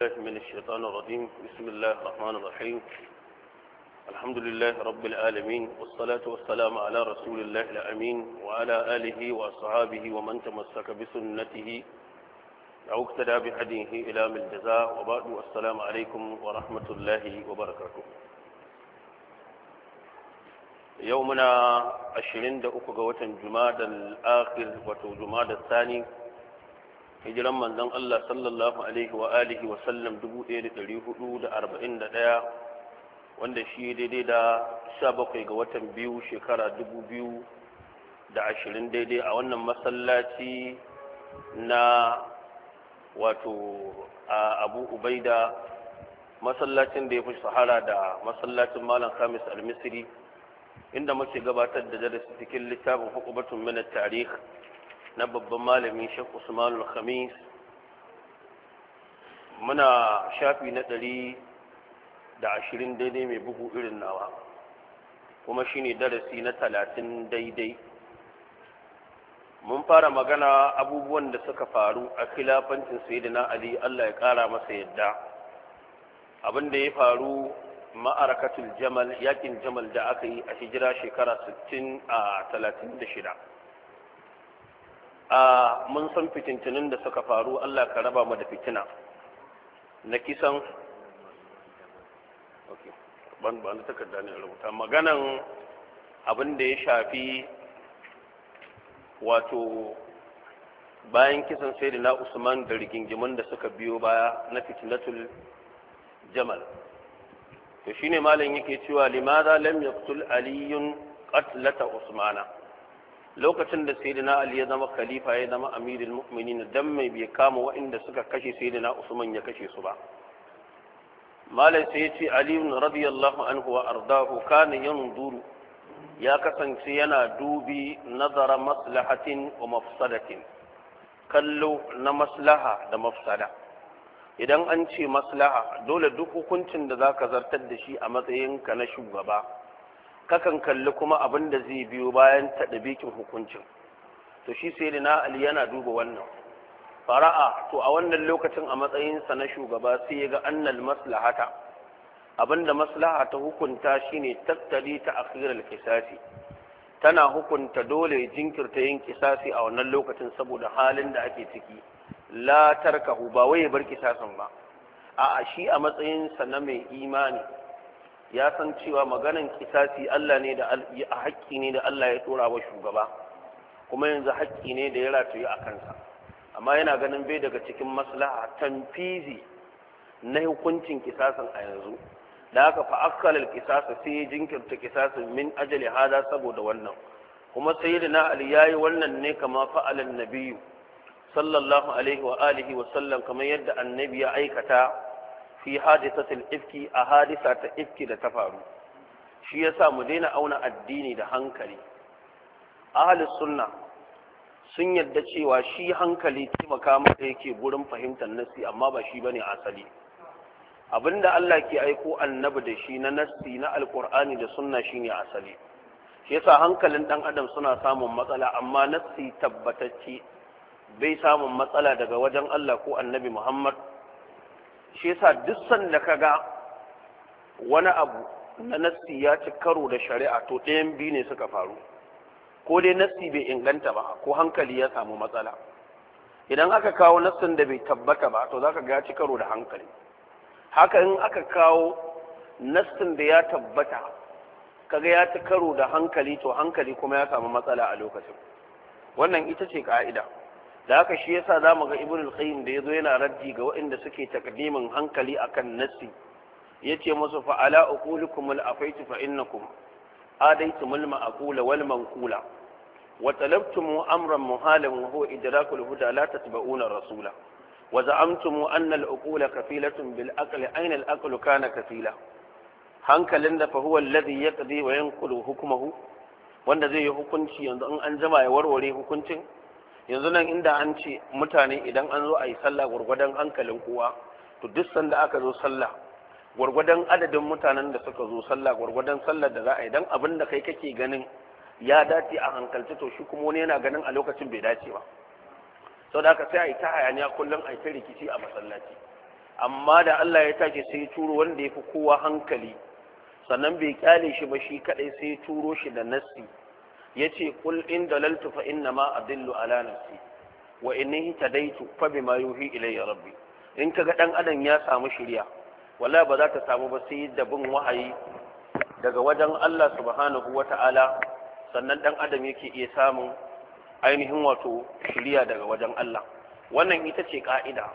الله من الشيطان الرجيم بسم الله الرحمن الرحيم الحمد لله رب العالمين والصلاة والسلام على رسول الله الأمين وعلى آله وأصحابه ومن تمسك بسنته أو اقتدى بهديه إلى من الجزاء وبعد والسلام عليكم ورحمة الله وبركاته يومنا عشرين دقوة جماد الآخر وتو جماد الثاني hijiran manzon Allah sallallahu alaihi wa alihi wa sallam 1441 wanda shi daidai da 17 ga watan biyu shekara 2020 daidai a wannan masallaci na wato abu ubaida masallacin da ya fi sahara da masallacin malam khamis al-misri inda muke gabatar da darasi cikin littafin hukumatun mana tarihi na babban malamin shek usman al-khamis muna shafi na ɗari da ashirin daidai mai bugu irin nawa kuma shine darasi na talatin daidai mun fara magana abubuwan da suka faru a khilafancin na ali allah ya ƙara masa yadda abin da ya faru ma'arakatul jamal yakin jamal da aka yi a hijira shekara 60 a 36 a mun san fitintunin da suka faru Allah ka raba mu da fitina na kisan ban ban da takarda ne rubuta maganan abin da ya shafi wato bayan kisan sai na usman da rigingimin da suka biyo baya na fitnatul jamal to shine malam yake cewa limaza lam yaqtul aliyun qatlata usmana lokacin da sayyidina ali ya zama khalifa ya zama amirul mu'minin dan mai bai kama waɗanda suka kashe sayyidina usman ya kashe su ba malam sai ya ce ali radiyallahu anhu wa ardahu kana yanzuru ya kasance yana dubi nazara maslahatin wa mafsadatin kallo na maslaha da mafsada idan an ce maslaha dole duk hukuncin da zaka zartar da shi a matsayinka na shugaba kakan kalli kuma abin da zai biyo bayan taɗabikin hukuncin to shi sai na ali yana duba wannan fara'a to a wannan lokacin a matsayinsa na shugaba sai ya ga annal maslahata abinda maslaha ta hukunta shine tattali ta akhirar kisasi tana hukunta dole jinkirta yin kisasi a wannan lokacin saboda halin da ake ciki la tarkahu ba wai bar kisasin ba A'a shi a matsayinsa na mai imani ya san cewa maganan kisasi Allah ne da haƙƙi ne da Allah ya tura wa shugaba kuma yanzu haƙƙi ne da ya rataye a kansa amma yana ganin bai daga cikin maslaha tanfizi na hukuncin kisasin a yanzu da aka fa akkalal kisasa sai ya jinkirta kisasin min ajali hada saboda wannan kuma sayyidina ali yayi wannan ne kama fa'alan nabiyyu sallallahu alaihi wa alihi wa sallam kamar yadda annabi ya aikata fi hadisatul ifki a hadisa ta ifki da ta faru shi yasa mu daina auna addini da hankali ahli sunna sun yadda cewa shi hankali taimaka maka yake gurin fahimtar nassi amma ba shi bane asali abinda Allah ke aiko annabi da shi na nassi na alqur'ani da sunna shine asali shi yasa hankalin dan adam suna samun matsala amma nassi tabbatacce bai samun matsala daga wajen Allah ko annabi Muhammad shi yasa duk sanda ka ga wani abu na nassi ya ci karo da shari'a to ɗayan biyu ne suka faru ko dai nassi bai inganta ba ko hankali ya samu matsala idan aka kawo nassin da bai tabbata ba to zaka ga ya ci karo da hankali haka in aka kawo nassin da ya tabbata kaga ya ci karo da hankali to hankali kuma ya samu matsala a lokacin wannan ita ce ka'ida da haka shi yasa za mu ga ibn al-qayyim da yazo yana raddi ga waɗanda suke takdimin hankali akan Ya yace musu fa ala uqulukum al-afaitu fa innakum adaytum al-ma'qula wal manqula wa talabtum amran muhalan wa huwa idraku al-huda la tatba'una rasula wa za'amtum anna al-uqula kafilatun bil aqli ayna al-aqlu kana kafila hankalin da fa huwa alladhi yaqdi wa yanqulu hukmuhu wanda zai yi hukunci yanzu in an jama ya warware hukuncin yanzu nan inda an ce mutane idan an zo a yi sallah gwargwadon hankalin kowa to duk sanda aka zo sallah gwargwadon adadin mutanen da suka zo sallah gwargwadon sallah da za a yi don abin da kai kake ganin ya dace a hankalci to shi kuma wani yana ganin a lokacin bai dace ba sau da aka sai a yi ta hayaniya kullum a yi ta rikici a masallaci amma da Allah ya tashi sai turo wanda ya fi kowa hankali sannan bai kyale shi ba shi kadai sai ya turo shi da nassi Ya ce, qul in dalaltu fa inna ma adillu ala nafsi wa inni tadaitu fa bima yuhi ilayya rabbi in kaga dan adam ya samu shiriya wallahi ba za ta samu ba sai da bin wahayi daga wajen Allah subhanahu wata'ala sannan dan adam yake iya samun ainihin wato shiriya daga wajen Allah wannan ita ce ka'ida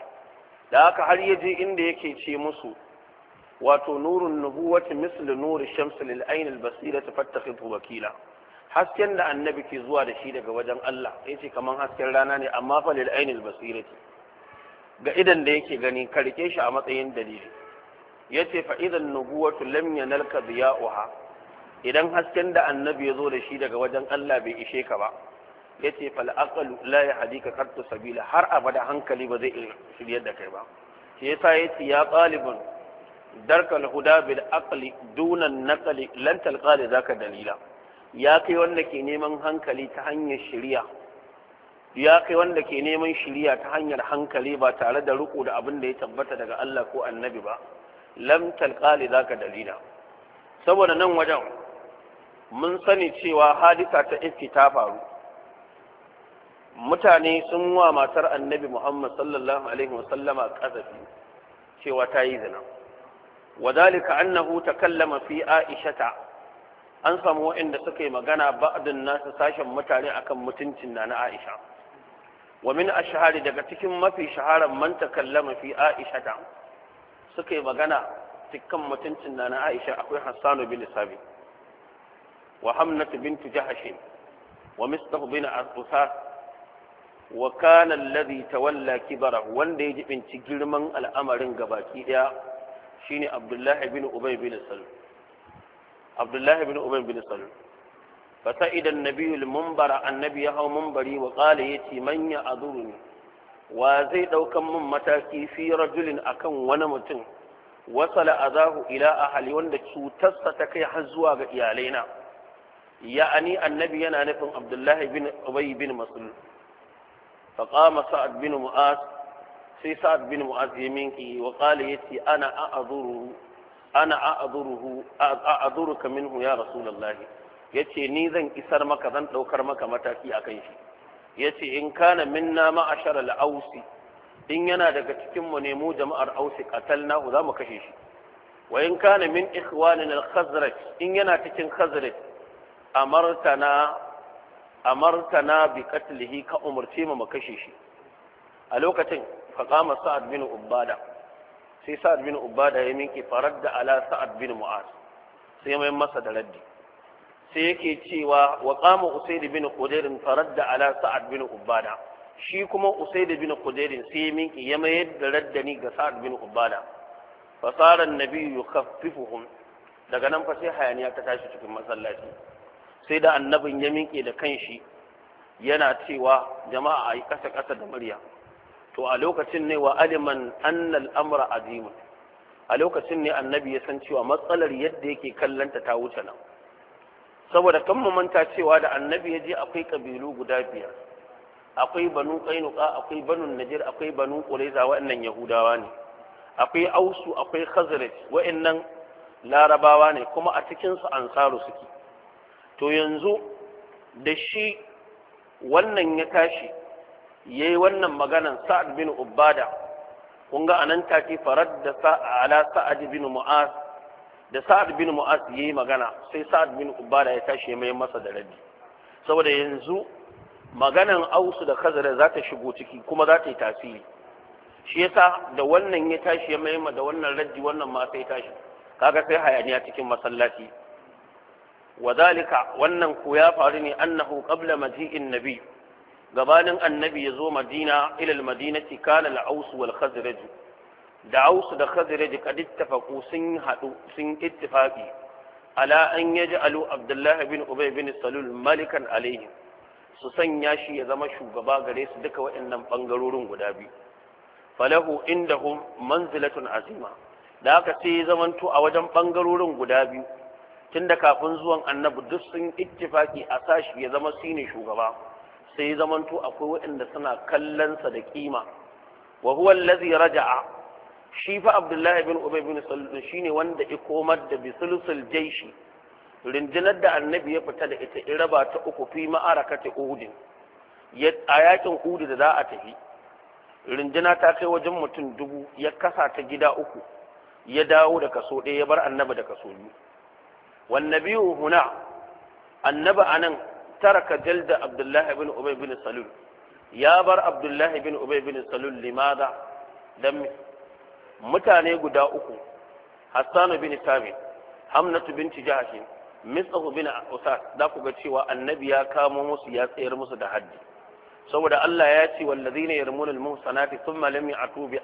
da haka har ya je inda yake ce musu wato nurun nubuwati mislu nuri shamsi lil ainil basira tafattakhidhu wakila hasken da annabi ke zuwa da shi daga wajen Allah ce kaman hasken rana ne amma fa lil ainil basirati ga idan da yake gani karke shi a matsayin dalili yace fa idan nubuwatu lam yanalka diya'uha idan hasken da annabi ya zo da shi daga wajen Allah bai ishe ka ba yace fa aqlu la hadika, qattu sabila har abada hankali ba zai shiryar da kai ba shi yasa ce ya qalibun darkal huda bil aqli dunan naqli lan talqa zaka dalila ya kai wanda ke neman hankali ta hanyar shirya ya kai wanda ke neman shirya ta hanyar hankali ba tare da riko da abin da ya tabbata daga Allah ko annabi ba lam talqali zaka dalila saboda nan wajen mun sani cewa hadisa ta ifki ta faru mutane sun wa matar annabi Muhammad sallallahu alaihi wasallama kasafi cewa ta yi zina وذلك annahu fi Aisha ta. an samu waɗanda suka yi magana ba'adin nasu sashen mutane akan mutuncin na na Aisha wa min ashhari daga cikin mafi shaharar man takallama fi Aisha ta suka yi magana cikin mutuncin na na Aisha akwai Hassan bin Sabi? wa Hamnat bint Jahash wa Mistah bin Usas wa kana alladhi tawalla kibara wanda ya jibinci girman al'amarin gabaki daya shine Abdullahi bin Ubay bin Salul abdullahi bin umar bin salul fasa idan nabiyul mumbara annabi ya hau mumbari wa ƙala ya ce manya a wa zai ɗaukan min mataki fi rajulin akan wani mutum wasala azahu ila ahali wanda cutarsa ta kai har zuwa ga iyalaina ya'ani annabi yana nufin abdullahi bin ubay bin mas'ud fa qama sa'ad bin mu'az sai sa'ad bin ya minki ana ana a'aduruhu a'aduruka minhu ya rasulullahi yace ni zan isar maka zan ɗaukar maka mataki a akan shi yace in kana minna a shara la'ausi in yana daga cikin mu ne mu jama'ar ausi qatalnahu za mu kashe shi wa in kana min ikhwanina al-khazraj in yana cikin khazraj amartana amartana bi qatlihi ka umarce mu mu kashe shi a lokacin faqama sa'ad bin ubada sai sa'ad bin ubada ya minke farar da ala sa'ad bin mu'az sai mai masa da raddi sai yake cewa wa qama usayd bin qudairin farar da ala sa'ad bin ubada shi kuma usayd bin qudairin sai ya minke ya mayar da raddani ga sa'ad bin ubada fasara annabi yukhaffifuhum daga nan fa sai hayaniya ta tashi cikin masallaci sai da annabin ya minke da shi yana cewa jama'a a yi kasa kasa da murya to a lokacin ne wa aliman annal amra azima a lokacin ne annabi ya san cewa matsalar yadda yake kallanta ta wuce nan saboda kan mu manta cewa da annabi ya je akwai kabilu guda biyar akwai banu qainuqa akwai banu najir akwai banu Quraiza, wa'annan yahudawa ne akwai ausu akwai khazraj waɗannan larabawa ne kuma a cikin su ansaru suke to yanzu da shi wannan ya tashi yayi wannan maganan sa'ad bin ubada kun ga anan take farad da sa'ala sa'ad bin mu'az da sa'ad bin mu'az yayi magana sai sa'ad bin ubada ya tashi mai masa da rabi saboda yanzu maganan ausu da kazara za ta shigo ciki kuma za ta yi tasiri shi yasa da wannan ya tashi ya maima da wannan raddi wannan ma sai tashi kaga sai hayaniya cikin masallaci wa zalika wannan ko ya faru ne annahu qabla maji'in nabi gabanin annabi ya zo madina ilal madinati kana al-aus wal khazraj da aus da khazraj kad ittafaqu sun hadu sun ittifaqi ala an yaj'alu abdullahi bin ubay bin salul malikan alaihim su sanya shi ya zama shugaba gare su duka waɗannan bangarorin guda biyu falahu indahum manzilatun azima da haka sai zamanto a wajen bangarorin guda biyu tunda kafin zuwan annabi duk sun ittifaki a sashi ya zama sine shugaba sai zamanto akwai waɗanda suna kallonsa da kima wa huwa allazi raja'a shi fa abdullahi bin ubay bin sallu shine wanda ya komar da bisulsul jaishi rindinar da annabi ya fita da ita iraba ta uku fi ma'arakati uhudin a yakin uhud da za a tafi Rinjina ta kai wajen mutum dubu ya kasa ta gida uku ya dawo da kaso ɗaya ya bar annabi da kaso biyu wannabiyu huna annabi anan taraka jalda abdullahi bin ubay bin ya bar abdullahi bin ubay bin salul limada mutane guda uku hassan bin sabit hamnatu binti jahash misahu bin usas da ku ga cewa annabi ya kamo musu ya tsayar musu da haddi saboda Allah ya ce wallazina yarmuna almuhsanati thumma lam ya'tu bi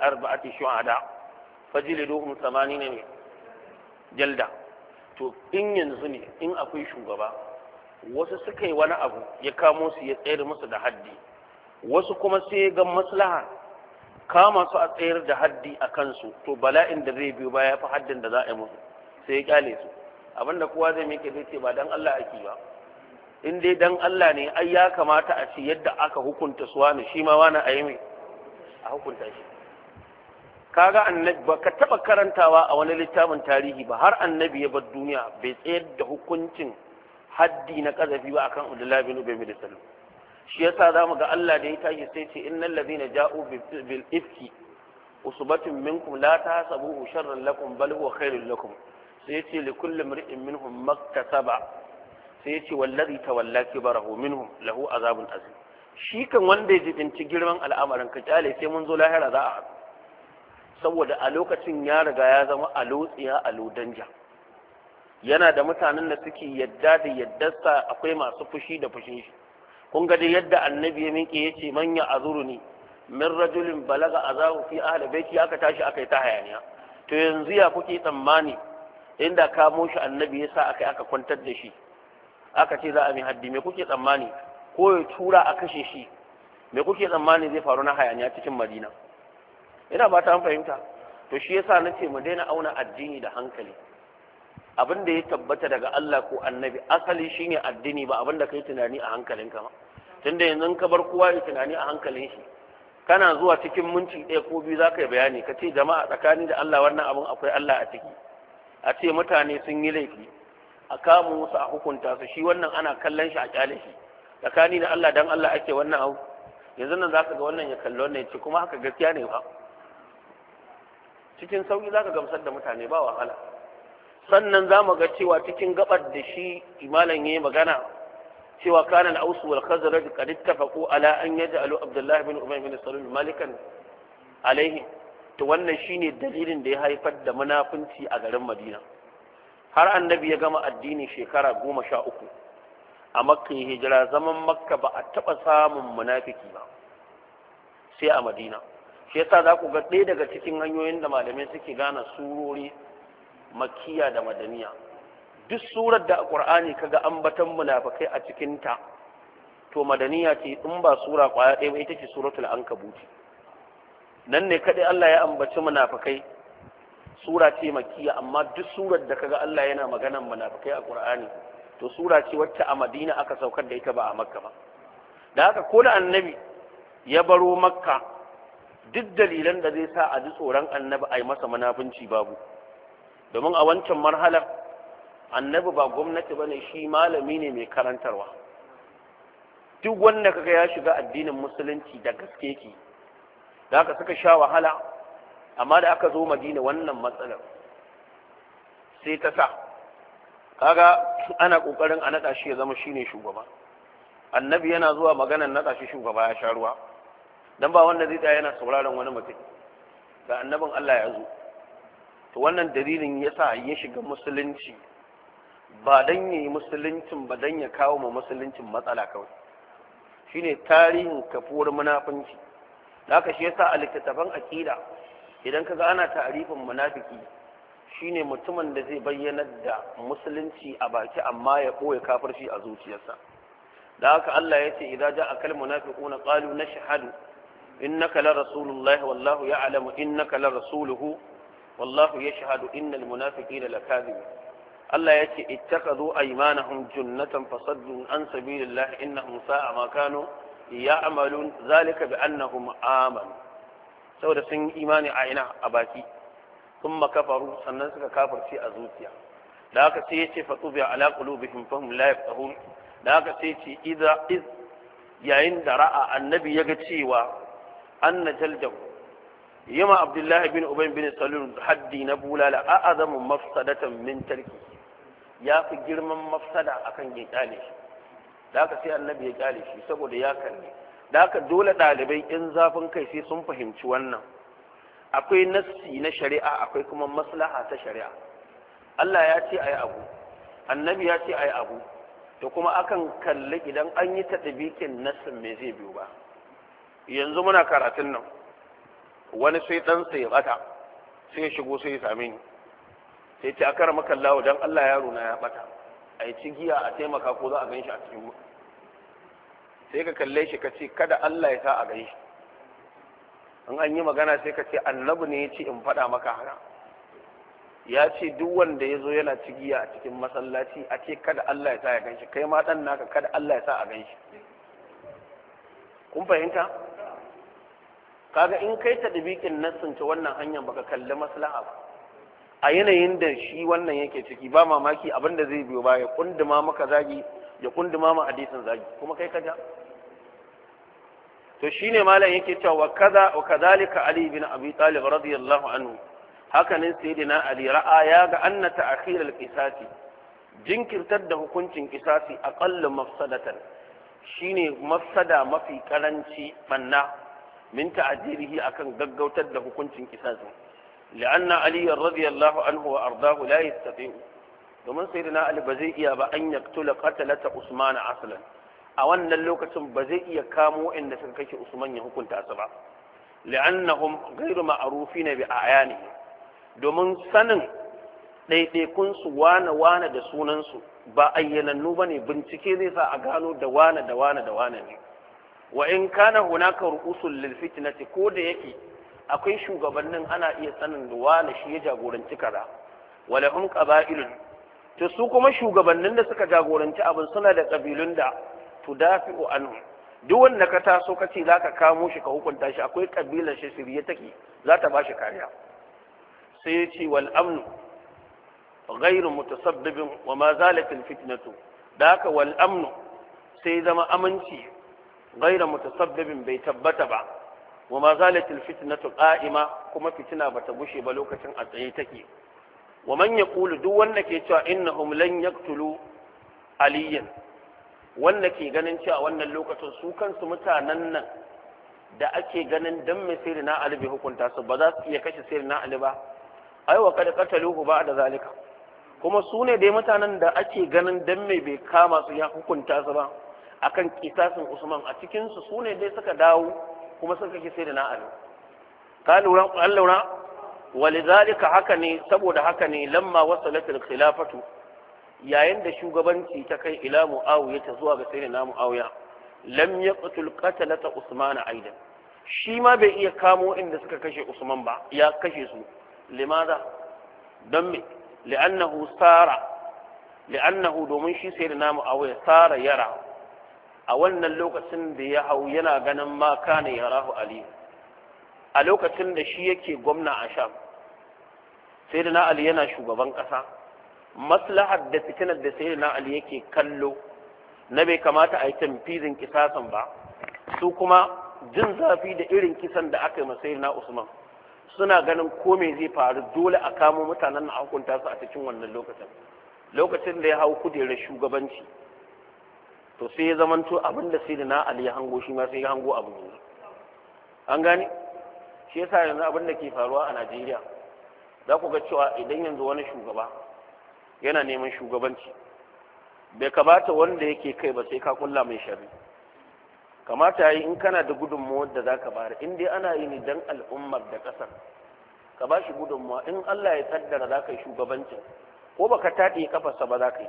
to in yanzu ne in akwai shugaba wasu suka yi wani abu ya kamo su ya tsayar musu da haddi wasu kuma sai ga maslaha kama su a tsayar da haddi a kansu to bala'in da zai biyo baya fi haddin da za a yi musu sai ya kyale su abinda kowa zai mike zai ce ba dan Allah ake ba in dai dan Allah ne ai ya kamata a ce yadda aka hukunta su wani shi ma wani yi mai a hukunta shi kaga annabi ba ka taba karantawa a wani littafin tarihi ba har annabi ya bar duniya bai tsayar da hukuncin haddi na kazafi ba akan Abdullah bin Ubay bin Salul shi yasa zamu ga Allah da ya tashi sai ce innal ladina ja'u bil ifki usbatun minkum la tahsabuhu sharran lakum bal huwa khairul lakum sai yace li kulli mar'in minhum maktasaba sai yace wallazi tawalla kibarahu minhum lahu azabun azim shi kan wanda ya jibinci girman al'amarin ka kyale sai mun zo lahira za a saboda a lokacin ya riga ya zama a lotsiya a lodanja yana da mutanen da suke yadda da yaddarsa akwai masu fushi da fushin shi kun ga yadda annabi ya miƙe ya ce azuru azuruni min rajulin balaga azahu fi ahli baiti aka tashi aka yi ta hayaniya to yanzu ya kuke tsammani inda kamo shi annabi ya sa aka aka kwantar da shi aka ce za a mai haddi me kuke tsammani ko ya tura a kashe shi me kuke tsammani zai faru na hayaniya cikin madina ina ba ta fahimta to shi yasa nace mu daina auna addini da hankali abin da ya tabbata daga Allah ko annabi asali shine addini ba abin da kai tunani a hankalinka ba tunda yanzu ka bar kowa ya tunani a hankalin shi kana zuwa cikin minti ɗaya ko biyu za ka yi bayani ka ce jama'a tsakani da Allah wannan abin akwai Allah a ciki a ce mutane sun yi laifi a kama wasu a hukunta su shi wannan ana kallon shi a kyale shi tsakani da Allah dan Allah ake wannan abu yanzu nan za ka ga wannan ya kalli wannan ya ce kuma haka gaskiya ne ba cikin sauƙi za ka gamsar da mutane ba wahala sannan za mu ga cewa cikin gabar da shi imalan yayi magana cewa kana al-aus wal khazraj qad ittafaqu ala an yaj'alu abdullah bin ubay bin salul malikan alaihi to wannan shine dalilin da ya haifar da munafunci a garin madina har annabi ya gama addini shekara goma sha uku a makka ya hijira zaman makka ba a taɓa samun munafiki ba sai a madina shi yasa za ku ga ɗaya daga cikin hanyoyin da malamai suke gane surori makiya da madaniya duk surar da a ƙur'ani kaga ambatan munafikai a cikinta to madaniya ce in ba sura ƙwaya ɗaya ba ita ce suratul ankabuti nan ne kaɗai Allah ya ambaci munafikai sura ce makiya amma duk surar da kaga Allah yana maganan munafikai a kur'ani to sura ce wacce a madina aka saukar da ita ba a makka ba da haka ko da annabi ya baro makka duk dalilan da zai sa a ji tsoron annabi a yi masa munafunci babu domin a wancan marhalar annabi ba gwamnati bane shi malami ne mai karantarwa duk wanda kaga ya shiga addinin musulunci da gaske ki da aka suka sha wahala amma da aka zo madina wannan matsalar sai ta sa kaga ana kokarin a nada shi ya zama shine shugaba annabi yana zuwa maganar nada shi shugaba ya sha ruwa dan ba wanda zai tsaya yana sauraron wani mutum da annabin Allah ya zo to wannan dalilin yasa ya shiga musulunci ba dan yi musuluncin ba dan ya kawo ma musuluncin matsala kawai ne tarihin kafuwar munafunci aka shi yasa a littattafan aƙida, idan kaga ana ta'arifin munafiki shine mutumin da zai bayyana da musulunci a baki amma ya boye kafirci a zuciyarsa da haka Allah ya ce idza ja'a na munafiquna qalu nashhadu innaka la rasulullahi wallahu ya'lamu innaka la rasuluhu wallahu yashhadu innal da lakadibun Allah ya ce ittakhadhu aymanahum junnatan fasaddu an sabilillahi innahum sa'a ma kanu ya'malun zalika bi annahum amanu saboda sun yi imani a ina a baki sun makafaru sannan suka kafarce a zuciya da haka sai ya ce fatsubi ala qulubihim fahum la yafqahun da haka sai ce iz yayin da ra'a annabi ya ga cewa anna jaljahu ma abdullahi bin ubay bin salul haddi na bulala a'azamu mafsadatan min tarki ya fi girman mafsada akan ya kyale shi da haka sai annabi ya kyale shi saboda ya kalle da haka dole ɗalibai in zafin kai sai sun fahimci wannan akwai nassi na shari'a akwai kuma maslaha ta shari'a Allah ya ce ayi abu annabi ya ce ayi abu to kuma akan kalli idan an yi tadbikin nassin me zai biyo ba yanzu muna karatun nan wani sai ɗansa ya bata sai ya shigo sai ya same ni sai ce a kara maka lawo don Allah yaro na ya bata a yi cigiya a taimaka ko za a gan shi a cikin sai ka kalle shi ka ce kada Allah ya sa a gan shi in an yi magana sai ka ce annabi ne ya ce in faɗa maka haka ya ce duk wanda ya zo yana cigiya a cikin masallaci a ce kada Allah ya sa ya gan shi kai ma ɗan naka kada Allah ya sa a gan shi kun fahimta kaga in kai ta dibikin nassin wannan hanyar baka kalli maslaha ba a yanayin da shi wannan yake ciki ba mamaki abin da zai biyo ba ya kunduma maka zagi ya kunduma ma hadisin zagi kuma kai kaja to shine malam yake cewa wa kaza wa kadhalika ali bin abi talib radiyallahu anhu ne sayyidina ali ra'a ya ga anna ta'khir al-qisas jinkirtar da hukuncin qisasi aqallu mafsadatan shine mafsada mafi karanci banna min ta'jilihi akan gaggautar da hukuncin kisasin li'anna ali radiyallahu anhu wa ardahu la yastati'u domin sayyidina ali ba zai iya ba an yaktula qatalata usman aslan a wannan lokacin ba zai iya kamo inda suka kashe usman ya hukunta su ba li'annahum ghayru ma'rufina bi ayanihi domin sanin ɗaiɗaikun su wane wane da sunansu ba ayyanannu ba ne bincike zai sa a gano da wane da wane da wane ne wa in kana hunaka ru'usul lil fitnati ko da yake akwai shugabannin ana iya sanin da wani shi ya jagoranci kaza wala hum qaba'ilun to su kuma shugabannin da suka jagoranci abin suna da kabilun da tudafi'u anhu duk wanda ka taso ka ce za ka kamo shi ka hukunta shi akwai kabilar shi siriya take za ta ba shi kariya sai ya ce wal amnu ghairu mutasabbibin wa ma zalatil fitnatu da haka wal amnu sai zama aminci غير متسبب بيتبت با وما زالت الفتنه قائمه كما بتغشي بتبوشي بلوكة تكي ومن يقول دو وانك يتوى إنهم لن يقتلوا عليا وانك يغنن wannan lokacin su kansu سمتا nan da ake ganin dan mai sirri na alibi hukunta su ba za su iya kashe sirri na ba ai wa kada kataluhu ba da zalika kuma su ne dai mutanen da ake ganin dan mai bai kama su ya hukunta su ba akan kisasin usman a cikin su sune dai suka dawo kuma suka ki sai da na ali ka lura an lura walidhalika haka ne saboda haka ne lamma wasalatul khilafatu yayin da shugabanci ta kai ila muawiya ta zuwa ga sayyidina muawiya lam yaqtul qatalata usman aidan shi ma bai iya kamo inda suka kashe usman ba ya kashe su limaza don me li'annahu sara li'annahu domin shi sayyidina muawiya sara yara a wannan lokacin da ya hau yana ganin ma kana ya rahu ali a lokacin da shi yake gwamna a sha, sai da na ali yana shugaban ƙasa maslahar da fitinar da sai da na ali yake kallo na bai kamata a yi tamfizin kisasan ba su kuma jin zafi da irin kisan da aka yi masai na usman suna ganin ko me zai faru dole a kamo mutanen na hukunta su a cikin wannan lokacin lokacin da ya hau kujerar shugabanci to sai ya zamanto abin da sai da na ali ya hango shi ma sai ya hango abu. ne an gane shi yasa yanzu abin da ke faruwa a najeriya za ku ga cewa idan yanzu wani shugaba yana neman shugabanci bai kamata wanda yake kai ba sai ka kulla mai shari kamata yi in kana da gudunmuwa da za ka bayar in dai ana yi ne dan al'ummar da ƙasar ka ba shi gudunmuwa in allah ya taddara za ka yi shugabancin ko baka taɗe kafarsa ba za ka yi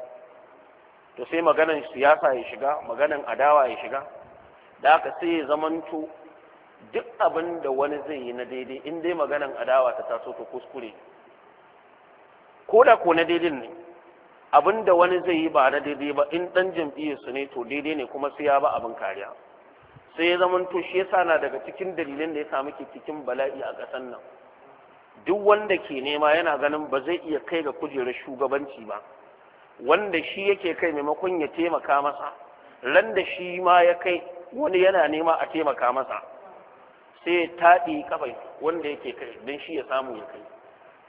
to sai maganan siyasa ya shiga maganan adawa ya shiga da aka sai zamanto duk abin da wani zai yi na daidai in dai maganan adawa ta taso ta kuskure ko da ko na daidai ne abin da wani zai yi ba na daidai ba in dan jam'iyyarsu ne to daidai ne kuma sai ya ba abin kariya sai ya zamanto shi yasa na daga cikin dalilin da ya samu ke cikin bala'i a ƙasar nan duk wanda ke nema yana ganin ba zai iya kai ga kujerar shugabanci ba wanda shi yake kai maimakon ya taimaka masa ran da shi ma ya kai wani yana nema a taimaka masa sai ya taɗi kafai wanda yake kai don shi ya samu ya kai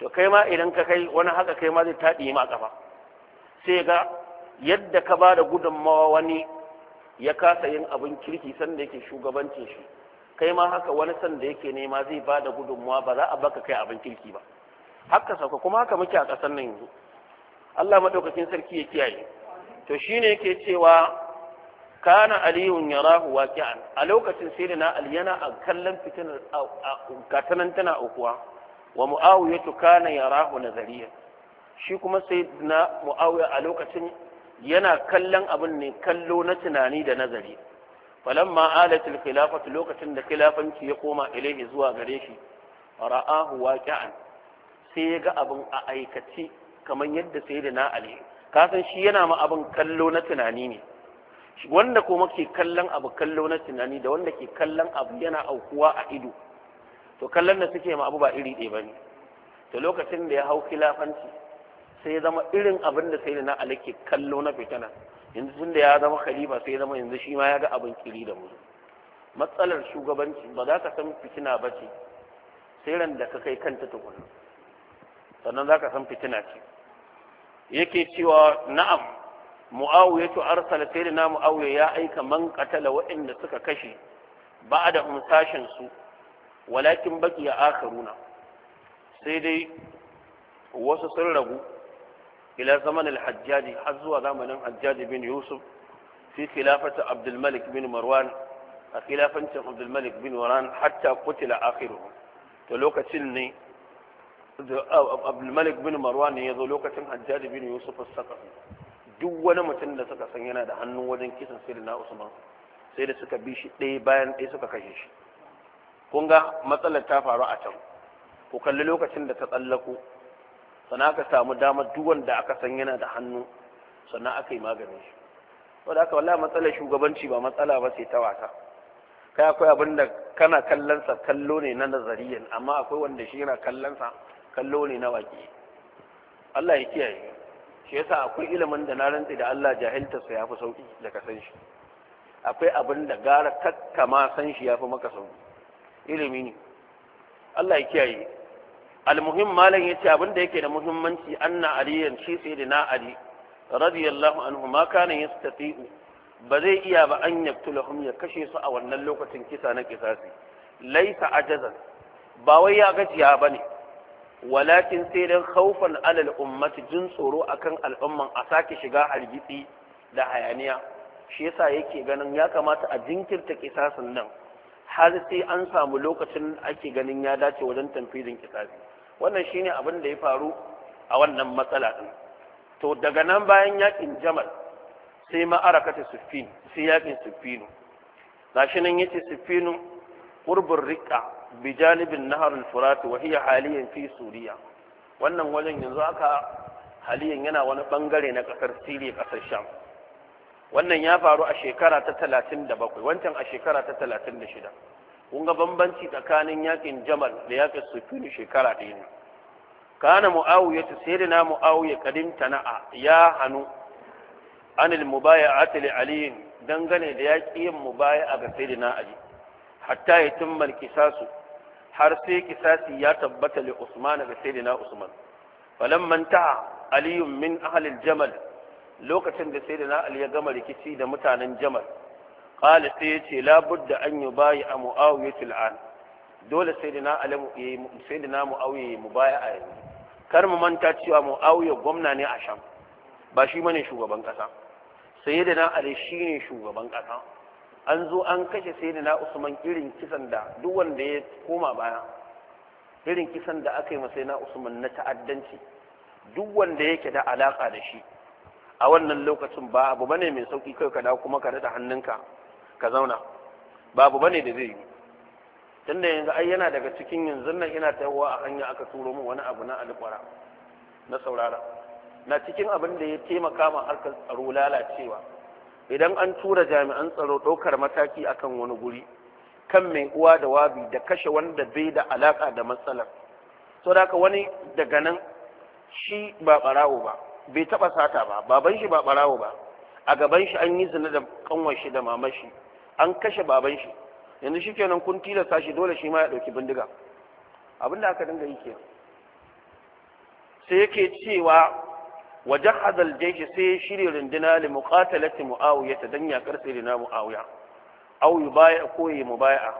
to kai ma idan ka kai wani haka kai ma zai taɗi ma kafa sai ga yadda ka ba da gudunmawa wani ya kasa yin abin kirki sanda yake shugabancin shi kai ma haka wani sanda yake nema zai ba da gudunmawa ba za a baka kai abin kirki ba haka sauka kuma haka muke a ƙasar nan yanzu Allah madaukakin sarki ya kiyaye to shine yake cewa kana aliyun yarahu waqi'an a lokacin sai na aliyana a kallon fitinar gatanan tana ukuwa wa muawiyatu kana yarahu nazariyan shi kuma sayyidina muawiya a lokacin yana kallon abin ne kallo na tunani da nazari falamma alatul khilafatu lokacin da khilafanci ya koma ilaihi zuwa gare shi ra'ahu waqi'an sai ya ga abin a aikace kamar yadda sai da na ali ka san shi yana ma abin kallo na tunani ne wanda kuma ke kallon abu kallo na tunani da wanda ke kallon abu yana aukuwa a ido to kallon da suke ma abu ba iri ɗaya ba ne to lokacin da ya hau kilafanci sai ya zama irin abin da sai da na ali ke kallo na fitina yanzu tun da ya zama khalifa sai ya zama yanzu shi ma ya ga abin kiri da mu matsalar shugabanci ba za ka san fitina ba ce sai ran da ka kai kanta tukuna sannan za ka san fitina ce yake cewa na'am mu'awiya to arsala sai na mu'awiya ya aika man katala waɗanda suka kashe ba da umsashin su walakin baki ya akharuna sai dai wasu sun ragu ila zaman hajjaji har zuwa zamanin hajjaji bin yusuf fi khilafati abdul malik bin marwan a khilafancin abdul malik bin marwan hatta qutila akhiruhum to lokacin ne abdulmalik bin marwan ne ya zo lokacin hajjaji bin yusuf saka duk wani mutum da suka san yana da hannu wajen kisan sai na usman sai da suka bi shi ɗaya bayan ɗaya suka kashe shi kun ga matsalar ta faru a can ku kalli lokacin da ta tsallako sannan aka samu damar duk wanda aka san yana da hannu sannan aka yi maganin shi saboda aka wallahi matsalar shugabanci ba matsala ba sai ta wasa kai akwai abin da kana kallonsa kallo ne na nazariyan amma akwai wanda shi yana kallonsa? kallo ne na waƙe Allah ya kiyaye shi yasa akwai ilimin da na rantsi da Allah jahilta ya fi sauƙi da ka san shi akwai abin da gara ma san shi ya fi maka sauƙi ilimi ne Allah ya kiyaye almuhim malam yace abin da yake da muhimmanci anna aliyan shi da na ali radiyallahu anhu ma kana yastati'u ba zai iya ba an yaktulahum ya kashe su a wannan lokacin kisa na kisasi laisa ajazan ba wai ya gajiya bane walakin sai dan khaufan alal ummati jin tsoro akan al'umman a sake shiga hargitsi da hayaniya shi yasa yake ganin ya kamata a jinkirta kisasin nan har sai an samu lokacin ake ganin ya dace wajen tanfizin kisasi wannan shine abin da ya faru a wannan matsala din to daga nan bayan yakin jamal sai ma'arakata siffin sai yakin siffinu gashi nan yace siffinu qurbur riqqa al-furat wa hiya haliyan fi suriya wannan wajen yanzu aka haliyan yana wani bangare na kasar siriya kasar sham wannan ya faru a shekara ta 37 wancan a shekara ta 36 kun ga bambanci tsakanin yakin jamal da yakin sufini shekara ɗaya ne kana muawiya ta na muawiya kadim tana'a ya hanu anil mubaya'ati li ali dangane da yaƙiyin a ga sai na ali hatta ya al kisasu har sai kisasi ya tabbata li Usman ga sayyidina Usman falamman ta aliyun min ahlil jamal lokacin da sayyidina Ali ya gama rikici da mutanen jamal qala sai ya ce la budda an yubayi a muawiyatul an dole sayyidina Ali sayyidina mu baya a yanzu kar mu manta cewa muawiya gwamna ne a sham ba shi bane shugaban kasa sayyidina Ali shine shugaban kasa an zo an kashe sai na usman irin kisan da duk wanda ya koma baya irin kisan da aka yi masa na usman na ta'addanci duk wanda yake da alaka da shi a wannan lokacin ba abu bane mai sauki kai ka dawo kuma ka rada hannunka ka zauna ba abu bane da zai yi tunda yanzu ai yana daga cikin yanzu nan ina tawowa a hanya aka turo min wani abu na alƙwara na saurara na cikin abin da ya taimaka ma harkar tsaro lalacewa idan an tura jami'an tsaro ɗaukar mataki akan wani guri kan mai uwa da wabi da kashe wanda bai da alaƙa da matsalar so da wani daga nan shi ba ɓarawo ba bai taɓa sata ba baban shi ba ɓarawo ba a gaban shi an yi zina da kanwar shi da mamar shi an kashe baban shi yanzu shi kenan kun tilasta shi dole shi ma ya ɗauki bindiga abin da aka dinga yi kenan sai yake cewa wa jahaz al-jaysh sai shirye runduna li muqatalati muawiya ta danya karsa rina muawiya aw yubaya ko yi mubaya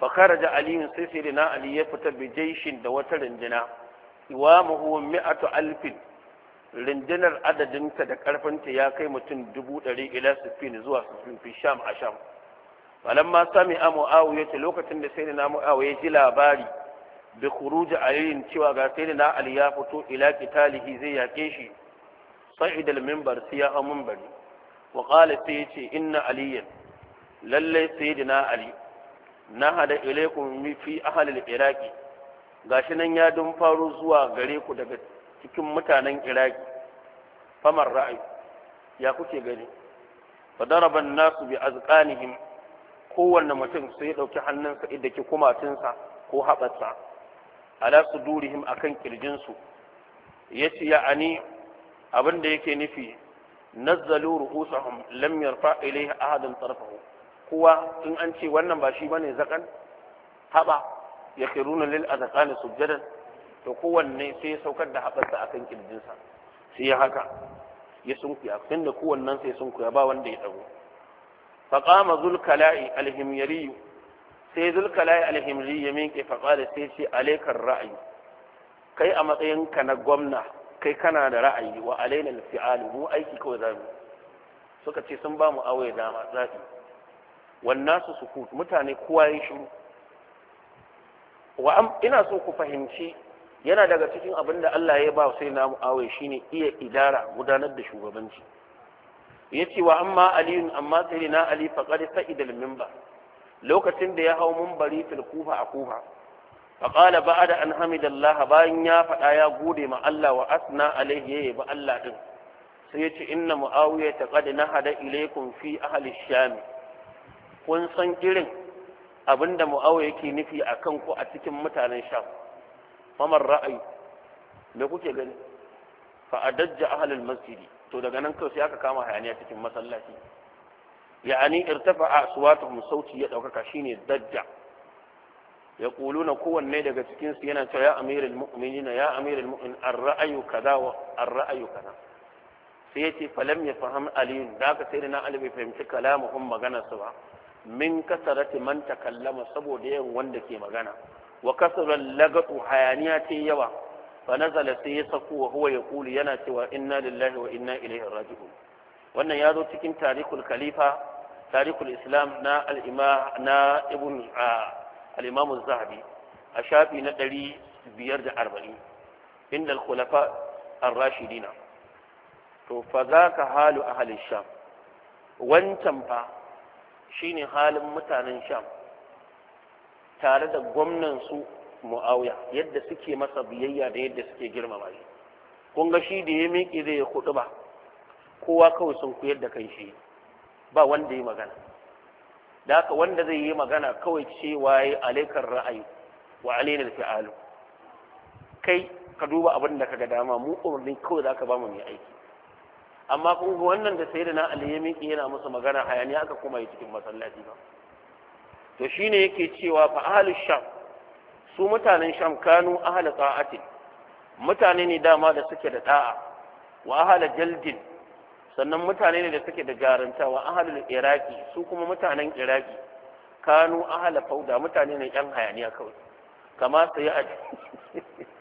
fa kharaja ali sai sai rina ali ya fita bi jayshin da wata runduna iwamuhu mi'atu alfin rundunar adadinta da karfinta ya kai mutum dubu ɗari ila sufin zuwa sufin fi sham a sham falamma sami a mu'awiyya lokacin da sayyidina mu'awiyya ji labari bi khuruj aliyin cewa ga sayyidina ali ya fito ila talihi zai yake shi sa'id al-minbar sai ya hau minbari wa qala sai yace inna aliyan lalle sayyidina ali na hada ilaikum fi ahli al-iraqi gashi nan ya dun faro zuwa gare ku daga cikin mutanen iraki famar ra'ayi ya kuke gani fa daraban nasu bi azqanihim kowanne mutum sai ya dauki hannunsa idda ki kumatinsa ko haɓarsa ala sudurihim akan kirjinsu yace ya ani abin da yake nufi nazzalu ru'usahum lam yarfa ilayhi ahadun tarfahu Kuwa in an ce wannan ba shi bane zakan haba ya kiruna lil azqani sujjadan to kowanne sai ya saukar da habarsa akan kirjinsa sai ya haka ya sunkuya tunda kowannen sai sunkuya ba wanda ya dago فقام ذو الكلاء الهميري sai zulkala alhimri ya minke faƙa da sai ce alaikar ra'ayi kai a matsayinka na gwamna kai kana da ra'ayi wa alaina al-fi'al mu aiki kawai zamu suka ce sun ba mu awaye dama zabi wannan su sukut mutane kowa ya shiru wa ina so ku fahimci yana daga cikin abin da Allah ya ba sai namu awe shine iya idara gudanar da shugabanci yace wa amma aliyun amma sai na ali faqad sa'idal minbar lokacin da ya hau mumbari fil kufa a kufa فقال بعد أن حمد الله باين يا فدايا غودي ما الله وأثنى عليه ya الله دين سيتي إن معاوية قد نهد إليكم في أهل الشام kun san irin abinda da mu'awa yake nufi a kanku a cikin mutanen sham mamar ra'ayi me kuke gani fa'adajja ahlul to daga nan kawai sai aka kama hayaniya cikin masallaci ya'ani irtafa'a aswatuhum sauti ya daukaka shine dajja ya na kowanne daga cikinsu yana cewa ya amirul na ya amirul mu'min ar-ra'ayu kaza wa raayu kaza sai yace falam ya faham aliyun da aka sai na ali fahimci kalamuhum magana su ba min kasarati man takallama saboda yawan wanda ke magana wa kasaran lagatu hayaniya ce yawa fa nazala sai ya sako wa huwa yaqulu yana cewa inna lillahi wa inna ilaihi raji'un wannan ya zo cikin tarikul khalifa tarikul islam na al-imam na ibn alimamin zahabi a shafi na ɗari biyar da arba'in inda al-khulafa rashidina to fa za ka halu ahalin sham wancan fa shine halin mutanen sham tare da gwamnan su mu'awiya yadda suke masa biyayya da yadda suke girmama shi kun ga shi da ya miƙe zai ya huɗu ba kowa kawai sun kuyar da kan ba wanda ya magana da haka wanda zai yi magana kawai cewa ya alaikar ra'ayi wa da fi'alu kai ka duba abin da ka ga dama mu umarni kawai za ka ba mu mai aiki amma kun ga wannan da sai da na ali ya yana musu magana hayaniya aka kuma yi cikin masallaci ba to shine yake cewa fa ahli sham su mutanen sham kanu ahli ta'atin mutane ne dama da suke da da'a wa ahli jaldin sannan mutane ne da suke da jarantawa ahalul iraki su kuma mutanen iraki kanu ahala fauda mutane ne yan hayaniya kawai kama su yi a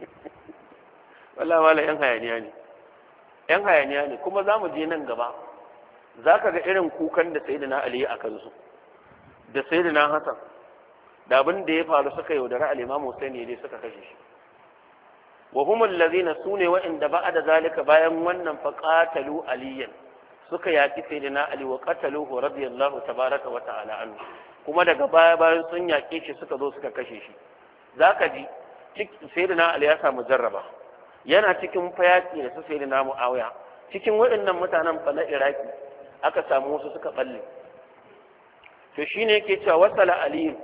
wallah wala yan hayaniya ne yan hayaniya ne kuma za mu je nan gaba za ka ga irin kukan da sayyidina ali a kansu da sayyidina hasan da abin da ya faru suka yaudari ra'ali mamu sai ne dai suka kashe shi wa hum allazina sune inda ba'da zalika bayan wannan faqatalu aliyan suka yaki sayyidina ali wa qataluhu radiyallahu tabaraka wa ta'ala anhu kuma daga baya bayan sun yake shi suka zo suka kashe shi zaka ji sayyidina ali ya samu jarraba yana cikin fayaki da su sayyidina muawiya cikin waɗannan mutanen fa na iraki aka samu wasu suka balle to shine yake cewa wasala ali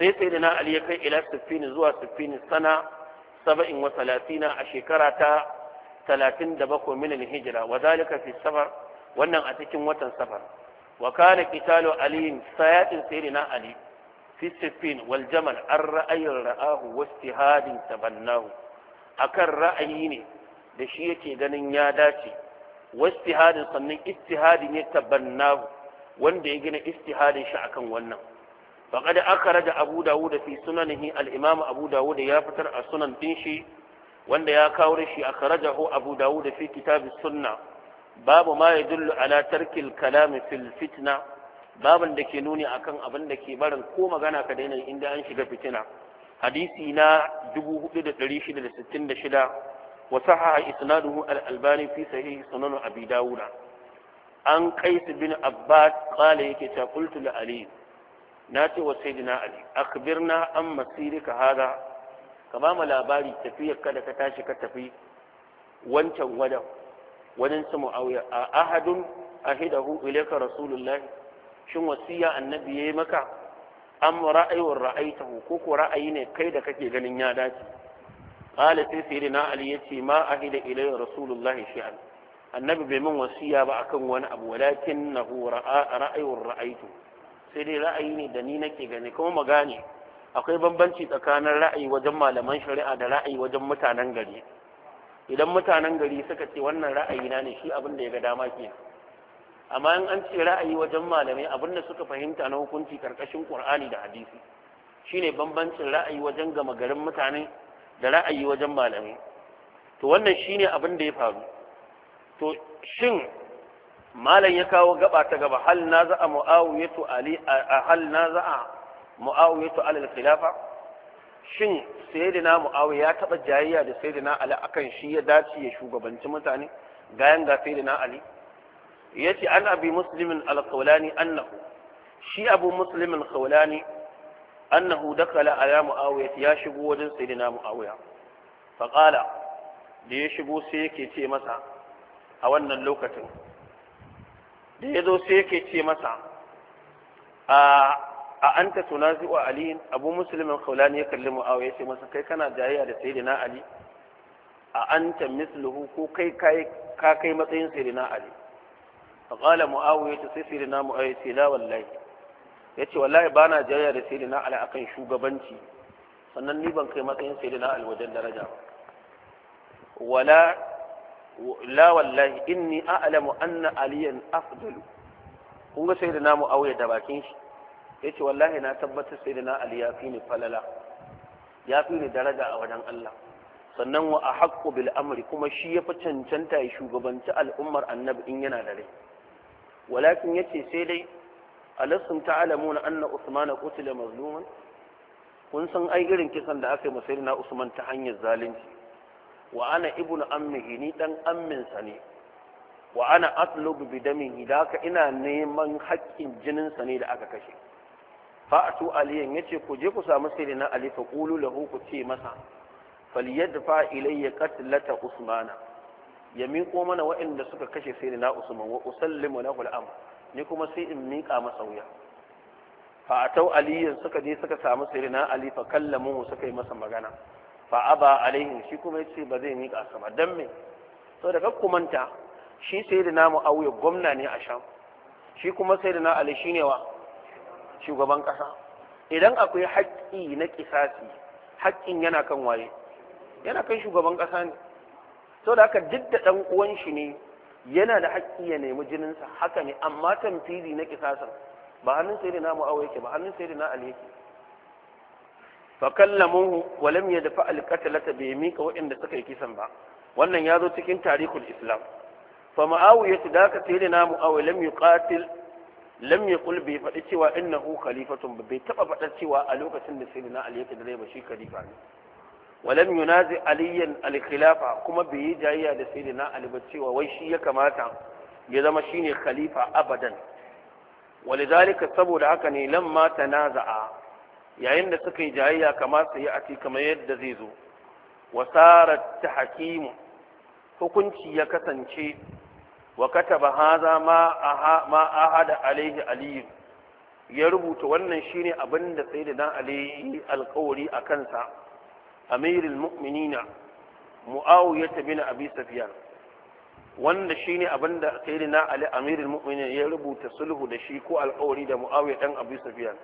sai sayyidina ali ya kai ila siffin zuwa siffin sana saba'in wa salatina a shekara ta 37 min al-hijra wa zalika fi safar wannan a cikin watan safar wa kana qitalu ali sayatin sayyidina ali fi siffin wal jamal an ra'ayin ra'ahu wastihadin tabannahu akan ra'ayi ne da shi yake ganin ya dace wastihadin sannan istihadin ya tabannahu wanda ya gina istihadin shi akan wannan faqad akhraja abu dawud fi sunanihi al imam abu dawud ya fitar a sunan din shi wanda ya kawo shi akhrajahu abu dawud fi kitab sunnah babu ma ya dullu ala tarkil kalami fil fitna da ke nuni akan abin da ke barin ko magana ka daina inda an shiga fitina hadisi na 4666 wa sahaha isnaduhu al albani fi sahih sunan abi dawud an qais bin Abba qala yake ta qultu li na ce wa sayyidina ali akhbirna an masirika hada ka ba mu labari tafiyar kada ka tashi ka tafi wancan wadan wajen su mu'awiya a ahadun ahidahu ilayka rasulullahi shin wasiya annabi yayi maka am ra'ayun ra'aitahu ko ko ra'ayi ne kai da kake ganin ya dace qala sai sayyidina ali yace ma ahida ilayya rasulullahi shay'an annabi bai min wasiya ba akan wani abu walakin nahu ra'ayun ra'aitu sai dai ra'ayi ne da ni nake gani kuma magane akwai bambanci tsakanin ra'ayi wajen malaman shari'a da ra'ayi wajen mutanen gari idan mutanen gari suka ce wannan ra'ayi na ne shi abin da ya ga dama ke amma in an ce ra'ayi wajen malamai abin da suka fahimta na hukunci karkashin qur'ani da hadisi shine bambancin ra'ayi wajen gama garin mutane da ra'ayi wajen malamai to wannan shine abin da ya faru to shin malam ya kawo gaba ta gaba hal na za'a mu'awiyatu ali hal na za'a mu'awiyatu al khilafa shin sayyidina muawiya ya taba jayayya da sayyidina ali akan shi ya dace ya shugabanci mutane gayan ga sayyidina ali yace an abi muslimin alqawlani annahu shi abu muslimin qawlani annahu dakala ala muawiya ya shigo wajen sayyidina muawiya fa qala da ya shigo sai yake ce masa a wannan lokacin da ya zo sai yake ce masa a a anta tunazi wa ali abu musulmin khawlani ya kalli muawiya ce masa kai kana jayayya da sayyidina ali a anta misluhu ko kai kai ka kai matsayin sayyidina ali fa qala muawiya ta sai sayyidina muawiya ce la wallahi yace wallahi bana jayayya da sayyidina ali akan shugabanci sannan ni ban kai matsayin sayyidina ali wajen daraja ba wala la wallahi inni a'lamu anna aliyan afdalu kun ga sayyidina muawiya da bakin shi ya ce wallahi na tabbatar sai da na ali ya fi ni falala ya fi ni daraja a wajen Allah sannan wa a haƙƙo bil amri kuma shi ya fi cancanta ya shugabanci al'ummar annabi in yana da rai walakin ya ce sai dai alassun ta'alamu na anna usman a kutule kun san ai irin kisan da aka yi masai na usman ta hanyar zalunci wa ana ibnu ammihi ni dan amminsa ne wa ana atlubu da haka ina neman haƙƙin jininsa ne da aka kashe fa'atu aliyan yace ku je ku samu sirina ali fa qulu lahu ku ce masa falyadfa ilayya qatlata usmana ya miƙo mana waɗanda suka kashe sirina usman wa usallimu lahu al ni kuma sai in miƙa masa wuya fa atau aliyan suka je suka samu sirina ali fa kallamu suka yi masa magana fa aba alaihi shi kuma yace ba zai miƙa sama ba dan me to daga kumanta shi sayyidina muawiya gwamna ne a sham shi kuma sayyidina ali shine wa shugaban ƙasa idan akwai haƙƙi na kisasi haƙƙin yana kan waye yana kan shugaban ƙasa ne sau da haka duk da ɗan uwan shi ne yana da haƙƙi ya nemi jininsa haka ne amma tamfili na kisasa ba hannun sai da na mu'awa yake ba hannun sai da na ali yake fa kallamuhu wa lam yadfa al qatlata bi mika waɗanda suka yi kisan ba wannan ya zo cikin tarihul islam fa mu'awiya da ka sai da na mu'awa lam yuqatil lam kul bai faɗi cewa innahu khalifatun bai taba faɗa cewa a lokacin da sayyidina ali yake da ba shi khalifa ne walam yunazi aliyan al kuma bai yi jayayya da sayyidina ali ba cewa wai shi ya kamata ya zama shine khalifa abadan walidhalika saboda haka ne lamma tanaza'a yayin da suka yi jayayya kamar sai a ci kamar yadda zai zo wasarat tahkimu hukunci ya kasance wa kataba haza ma ma ahada alaihi aliyu ya rubuta wannan shine abin da sayyidina ali alƙawari a kansa amirul mu'minina mu'awiyah bin abi sufyan wanda shine abin da sayyidina ali amirul mu'minin ya rubuta sulhu da shi ko alƙawari da mu'awiyah dan abi sufyan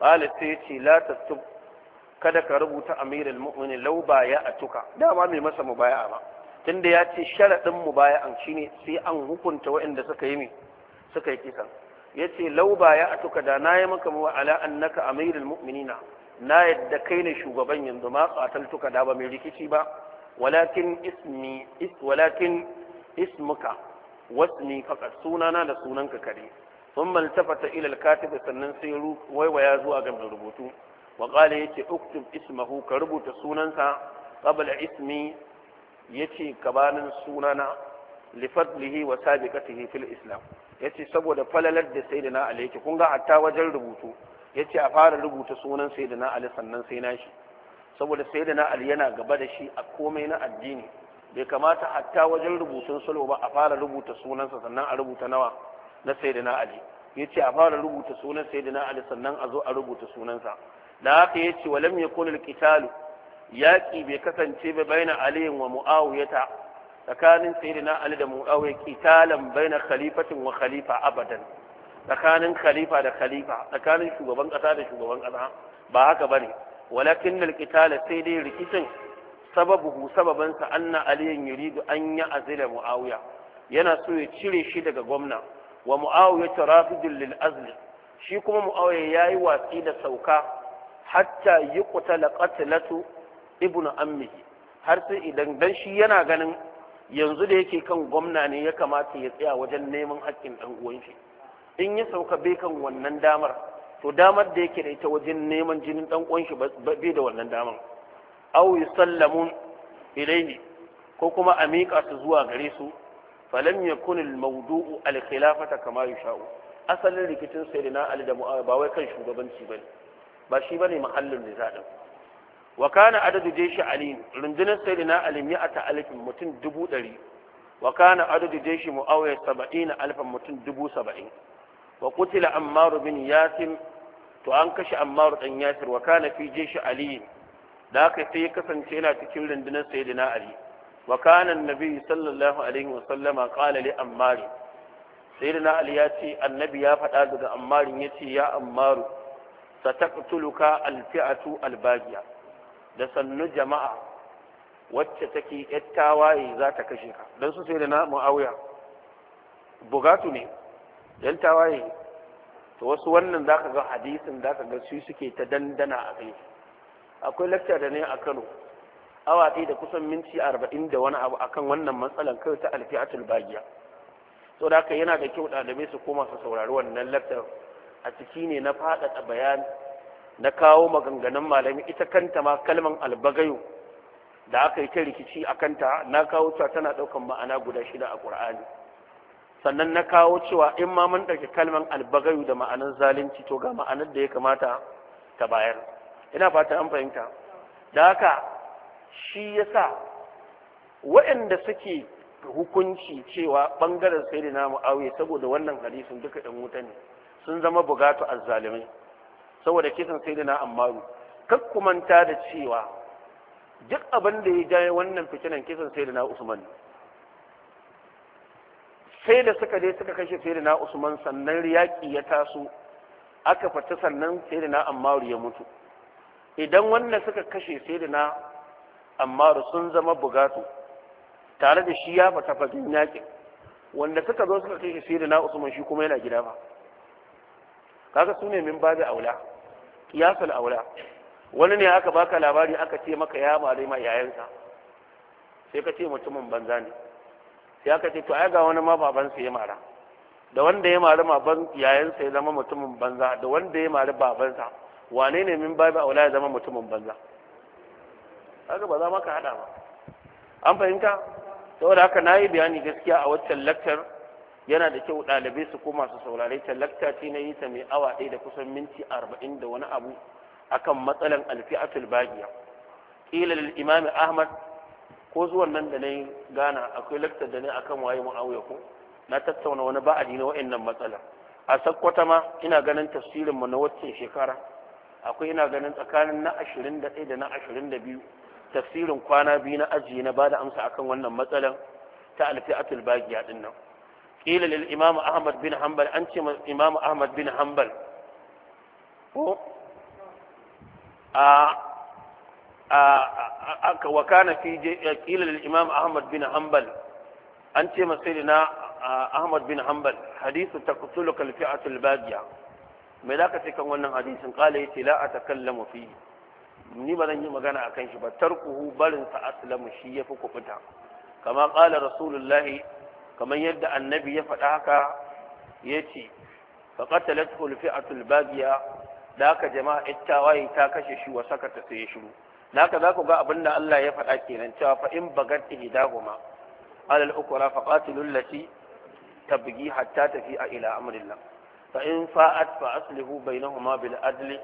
qala sai ce la tastub kada ka rubuta amirul mu'minin law baya atuka dama mai masa mubaya'a ba tun da ya ce sharaɗin mu baya an ne sai an hukunta waɗanda suka yi suka yi kisan ya ce lau ba ya atuka da na yi maka wa ala annaka amirul mu'minina na yadda kai ne shugaban yanzu ma qataltuka da ba mai rikici ba walakin ismi is walakin ismuka wasni faqat sunana da sunanka kare ثم التفت ilal الكاتب sannan sai waiwaya zuwa ga mai rubutu wa qala yace uktub ismahu ka rubuta sunansa qabla ismi yace kabanin sunana li fadlihi wa sabiqatihi fil islam yace saboda falalar da sayyidina ali yake kun ga hatta wajen rubutu yace a fara rubuta sunan sayyidina ali sannan sai nashi saboda sayyidina ali yana gaba da shi a komai na addini bai kamata hatta wajen rubutun sulhu ba a fara rubuta sunansa sannan a rubuta nawa na sayyidina ali yace a fara rubuta sunan sayyidina ali sannan a zo a rubuta sunansa da haka yace walam yakun al-qitalu yaƙi bai kasance ba baina aliyin wa mu'awiyata tsakanin na ali da mu'awiya kitalan baina khalifatin wa khalifa abadan tsakanin khalifa da khalifa tsakanin shugaban kasa da shugaban kasa ba haka bane walakin alqitala sai dai rikicin sababuhu sababan sa anna aliyin yuridu an ya azila mu'awiya yana so ya cire shi daga gwamna wa mu'awiya tarafidul lil azli shi kuma mu'awiya yayi watsi da sauka hatta yuqtala qatlatu ibnu ammi har sai idan dan shi yana ganin yanzu da yake kan gwamna ne ya kamata ya tsaya wajen neman hakkin ɗan uwan shi in ya sauka bai kan wannan damar to damar da yake da ita wajen neman jinin ɗan uwan shi bai da wannan damar aw yusallamu ilayhi ko kuma a miƙa su zuwa gare su falam yakun al-mawdu'u al-khilafata kama yasha'u asalin rikicin sayyidina ali da mu'awiya ba wai kan shugabanci bane ba shi bane mahallin nizadin wa kana adadu jeshi ali rundunar sayyidina ali ya ata alifin mutum dubu ɗari wa kana adadu jeshi muawiya saba'in alfan mutum dubu saba'in wa qutila ammaru bin yasim to an kashe ammaru ɗan yasir wa kana fi jeshi ali da haka sai ya kasance yana cikin rundunar sayyidina ali wa kana annabi sallallahu alaihi wa sallama qala li ammari sayyidina ali ya ce annabi ya faɗa daga ammarin ya ce ya ammaru sataqtuluka alfi'atu albagiya da sannu jama'a wacce take yattawaye za ta kashe ka don su sai da na mu'awiya bugatu ne yan tawaye to wasu wannan za ka ga hadisin za ka ga su suke ta dandana a kai akwai lakta da ne a kano awa ɗaya da kusan minti arba'in da wani abu akan wannan matsalan kai ta alfi'atul bagiya so da haka yana da kyau ɗalibai su koma su saurari wannan lakta a ciki ne na faɗaɗa bayani na kawo maganganun malami ita kanta ma kalman albagayo da aka yi ta rikici a kanta na kawo cewa tana ɗaukan ma'ana guda shida a ƙur'ani sannan na kawo cewa in ma mun ɗauki kalman albagayu da ma'anar zalunci to ga ma'anar da ya kamata ta bayar ina fata an fahimta da haka shi ya sa waɗanda suke hukunci cewa ɓangaren sai da namu saboda wannan hadisin duka ɗan wuta ne sun zama bugatu azzalimai saboda kisan sai da na ammaru kakku kumanta da cewa duk abin da ya jaye wannan fitinan kisan sai da na usman sai da suka dai suka kashe sai da na usman sannan yaƙi ya taso aka fata sannan sai da na ammaru ya mutu idan wannan suka kashe sai da na ammaru sun zama bugatu tare da shi ya fata fagen yaƙi wanda suka zo suka kashe sai da na usman shi kuma yana gida ba kaga su ne min ba da aula kiyasul aula wani ne aka baka labari aka ce maka ya malai mai yayansa sai ka ce mutumin banza ne sai aka ce to ai ga wani ma babansa ya mara da wanda ya ma baban yayansa ya zama mutumin banza da wanda ya baban babansa wane ne min babu aula ya zama mutumin banza haka ba za maka hada ba an fahimta saboda haka na yi bayani gaskiya a waccan lakcar yana da kyau ɗalibai su koma su saurare ta lakta ce na yi ta mai awa ɗaya da kusan minti arba'in da wani abu akan matsalan alfi'atul bagiya ƙila lil imami ahmad ko zuwan nan da na yi gana akwai lakta da na akan waye mu'awiya ko na tattauna wani ba'adi na wa'annan matsala a sakkwata ma ina ganin tafsirin mu na waccan shekara akwai ina ganin tsakanin na ashirin da ɗaya da na ashirin da biyu tafsirin kwana biyu na ajiye na bada amsa akan wannan matsalan ta alfi'atul bagiya ɗin nan qila lil imam ahmad bin hanbal an ce imam ahmad bin hanbal ko a a wa kana ahmad bin hanbal an ce masirina ahmad bin hanbal hadithu taqtuluka al fi'atu al badiya me zaka ce kan wannan hadisin qala yace la atakallamu ni ba zan yi magana akan shi ba tarkuhu barin sa aslamu shi yafi kufuta kama qala rasulullahi kamar yadda annabi ya faɗa haka ya ce faƙatalat a bagiya da haka jama'a ittawaye ta kashe shi wa sakata sai ya shiru da haka za ku ga abin da Allah ya faɗa kenan cewa fa in bagat ihdahuma alal ukura fa qatilul lati bugi hatta tafi a ila amrillah fa in fa'at fa aslihu bainahuma bil adli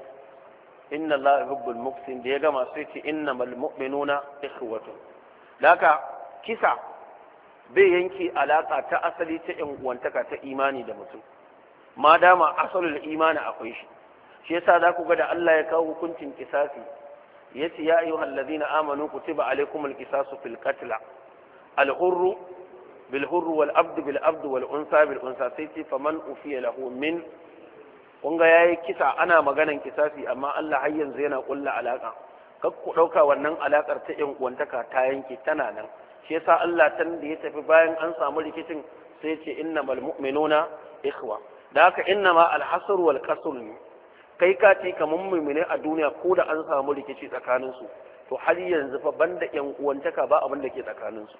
inna Allah yuhibbul da ya gama sai ce innamal mu'minuna ikhwatun da kisa bai yanke alaƙa ta asali ta ‘yan uwantaka ta imani da mutum ma dama asalul imani akwai shi shi yasa za ku ga da Allah ya kawo hukuncin kisasi ya ce ya ayyuha allazina amanu kutiba alaikum alqisasu fil qatl al hurru bil hurru wal abd bil abd wal unsa bil unsa sai ce faman ufiya lahu min kun ga yayi kisa ana maganan kisasi amma Allah har yanzu yana kulla alaka kar ku dauka wannan alakar ta yan uwantaka ta yanke tana nan shi yasa Allah tan da ya tafi bayan an samu rikicin sai ce innamal mu'minuna ikhwa da haka innama al-hasr wal kai ka ce kaman mu'mine a duniya ko da an samu rikici tsakanin su to har yanzu fa banda yan uwantaka ba abin da ke tsakanin su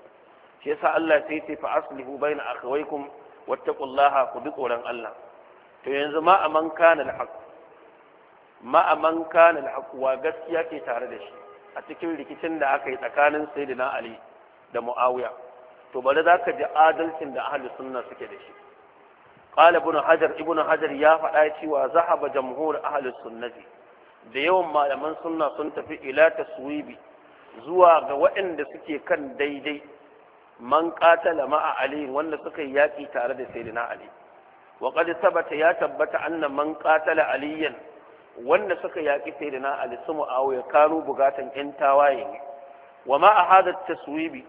shi yasa Allah sai ce fa aslihu baina akhawaykum wattaqullaha ku bi tsoron Allah to yanzu ma aman kana al-haq ma aman kana al wa gaskiya ke tare da shi a cikin rikicin da aka yi tsakanin sayyidina Ali da muawiya to bari za ka ji adalcin da ahli sunna suke da shi qala ibn hajar ibn hajar ya faɗa cewa zahaba jamhur ahli sunnati da yawan malaman sunna sun tafi ila taswibi zuwa ga waɗanda suke kan daidai man qatala ma'a ali wanda suka yaki tare da sayyidina ali wa qad sabata ya tabbata anna man qatala aliyan wanda suka yaki sayyidina ali su muawiya kanu bugatan yan tawaye wa ma'a hadha taswibi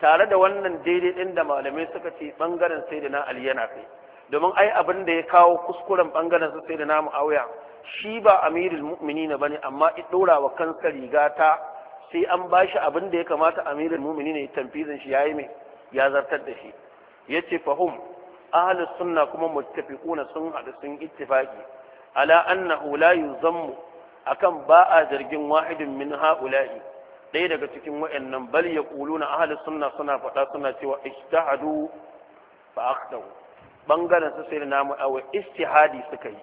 tare da wannan daidai ɗin da malamai suka ce ɓangaren sai da na ali yana kai domin ai abin da ya kawo kuskuren ɓangaren su sai da na mu'awiya shi ba amirul ba bane amma ya ɗora wa kansa riga ta sai an ba shi abin da ya kamata amirul mu'mini ya tamfizin shi yayi mai ya zartar da shi Ya yace fahum ahlus sunna kuma muttafiquna sun hadu sun ittifaqi ala annahu la yuzammu akan ba a zargin wahidin min ha'ula'i ɗaya daga cikin wa'annan bal ya na ahalin sunna suna faɗa suna cewa ijtihadu fa akhdahu bangaren su sai na mu'awa istihadi suka yi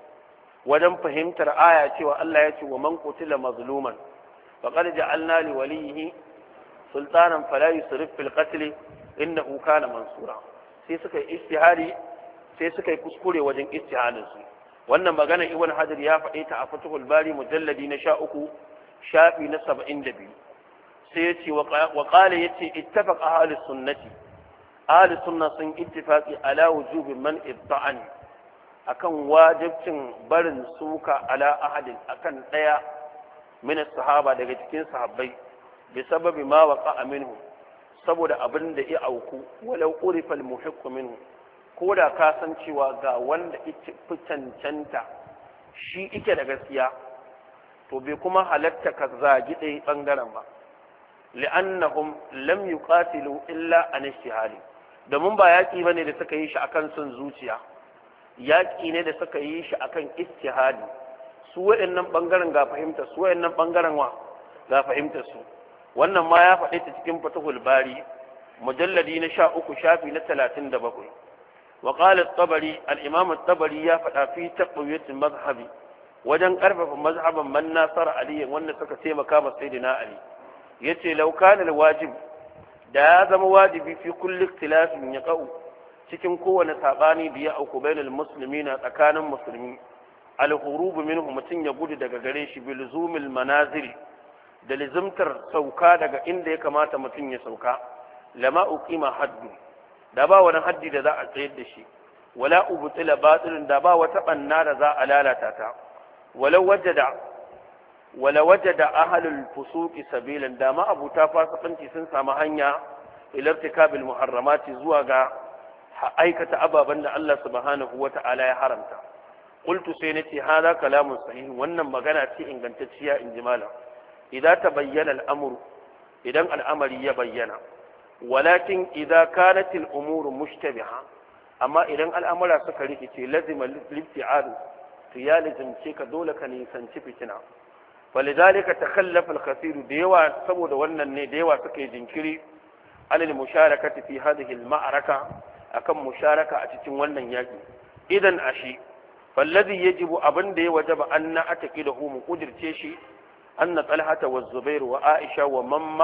wajen fahimtar aya cewa Allah ya ce wa man qutila mazluman faqad ja'alna li waliyhi sultanan fala yusrif fil qatl innahu kana mansura sai suka yi istihadi sai suka yi kuskure wajen istihadin su wannan magana ibn hajar ya faɗe ta a fatuhul bari mujalladi na 13 shafi na 72 sai ya ce wa ƙala ya ce ittafaq ahli sunnati ahli sunna sun ittifaqi ala wujubi man ibta'an akan wajibcin barin suka ala ahadin akan daya min sahaba daga cikin sahabbai bi sababi ma waqa minhu saboda abin da ya auku walau urifa al-muhiqqu minhu ko da ka san cewa ga wanda ita fi shi ike da gaskiya to bai kuma halatta ka zagi ɗaya ɓangaren ba li'annahum lam yuqatilu illa an ishtihali domin ba yaƙi bane da suka yi shi akan son zuciya yaƙi ne da suka yi shi akan istihadi su waɗannan ɓangaren ga fahimta su waɗannan ɓangaren wa ga fahimta su wannan ma ya faɗi ta cikin fatahul bari mujalladi na sha uku shafi na talatin da bakwai wa qala tabari al tabari ya faɗa fi taqwiyatin mazhabi wajen ƙarfafa mazhaban man nasara aliyin wanda suka taimaka ma sayyidina ali Ya ce laukanin wajib da ya zama wajibi fi kulli ya yaqau cikin kowane sabani da ya auku bainal na tsakanin musulmi alhurubu minhu mutum ya gudu daga gare shi bi manaziri. manazil da lizimtar sauka daga inda ya kamata mutum ya sauka lama uqima haddu da ba wani haddi da za a tsayar da shi wala ubtila batilun da ba wata banna da za a lalata ta walau wajada wala wajada ahlul fusuqi sabilan da ma abuta fasikanci sun samu hanya ila irtikabil muharramati zuwa ga aikata ababen da Allah subhanahu wata'ala ya haramta qultu sai nace hada kalamun sahih wannan magana ce ingantacciya inji malam idan tabayyana al'amru idan al'amari ya bayyana walakin idan kanat al'umuru mushtabiha amma idan al'amura suka rikice lazima lifti'al to ya lazimce ka dole ka nisanci fitina falidalika ta al kasiru da yawa saboda wannan ne da yawa suka yi jinkiri musharaka musharakati fi hadhihi al-ma'araka akan musharaka a cikin wannan yaki idan ashi falladhi yajibu abin da ya wajaba an na hu mu kudirce shi na tsalhata wa Zubairu wa aisha wa man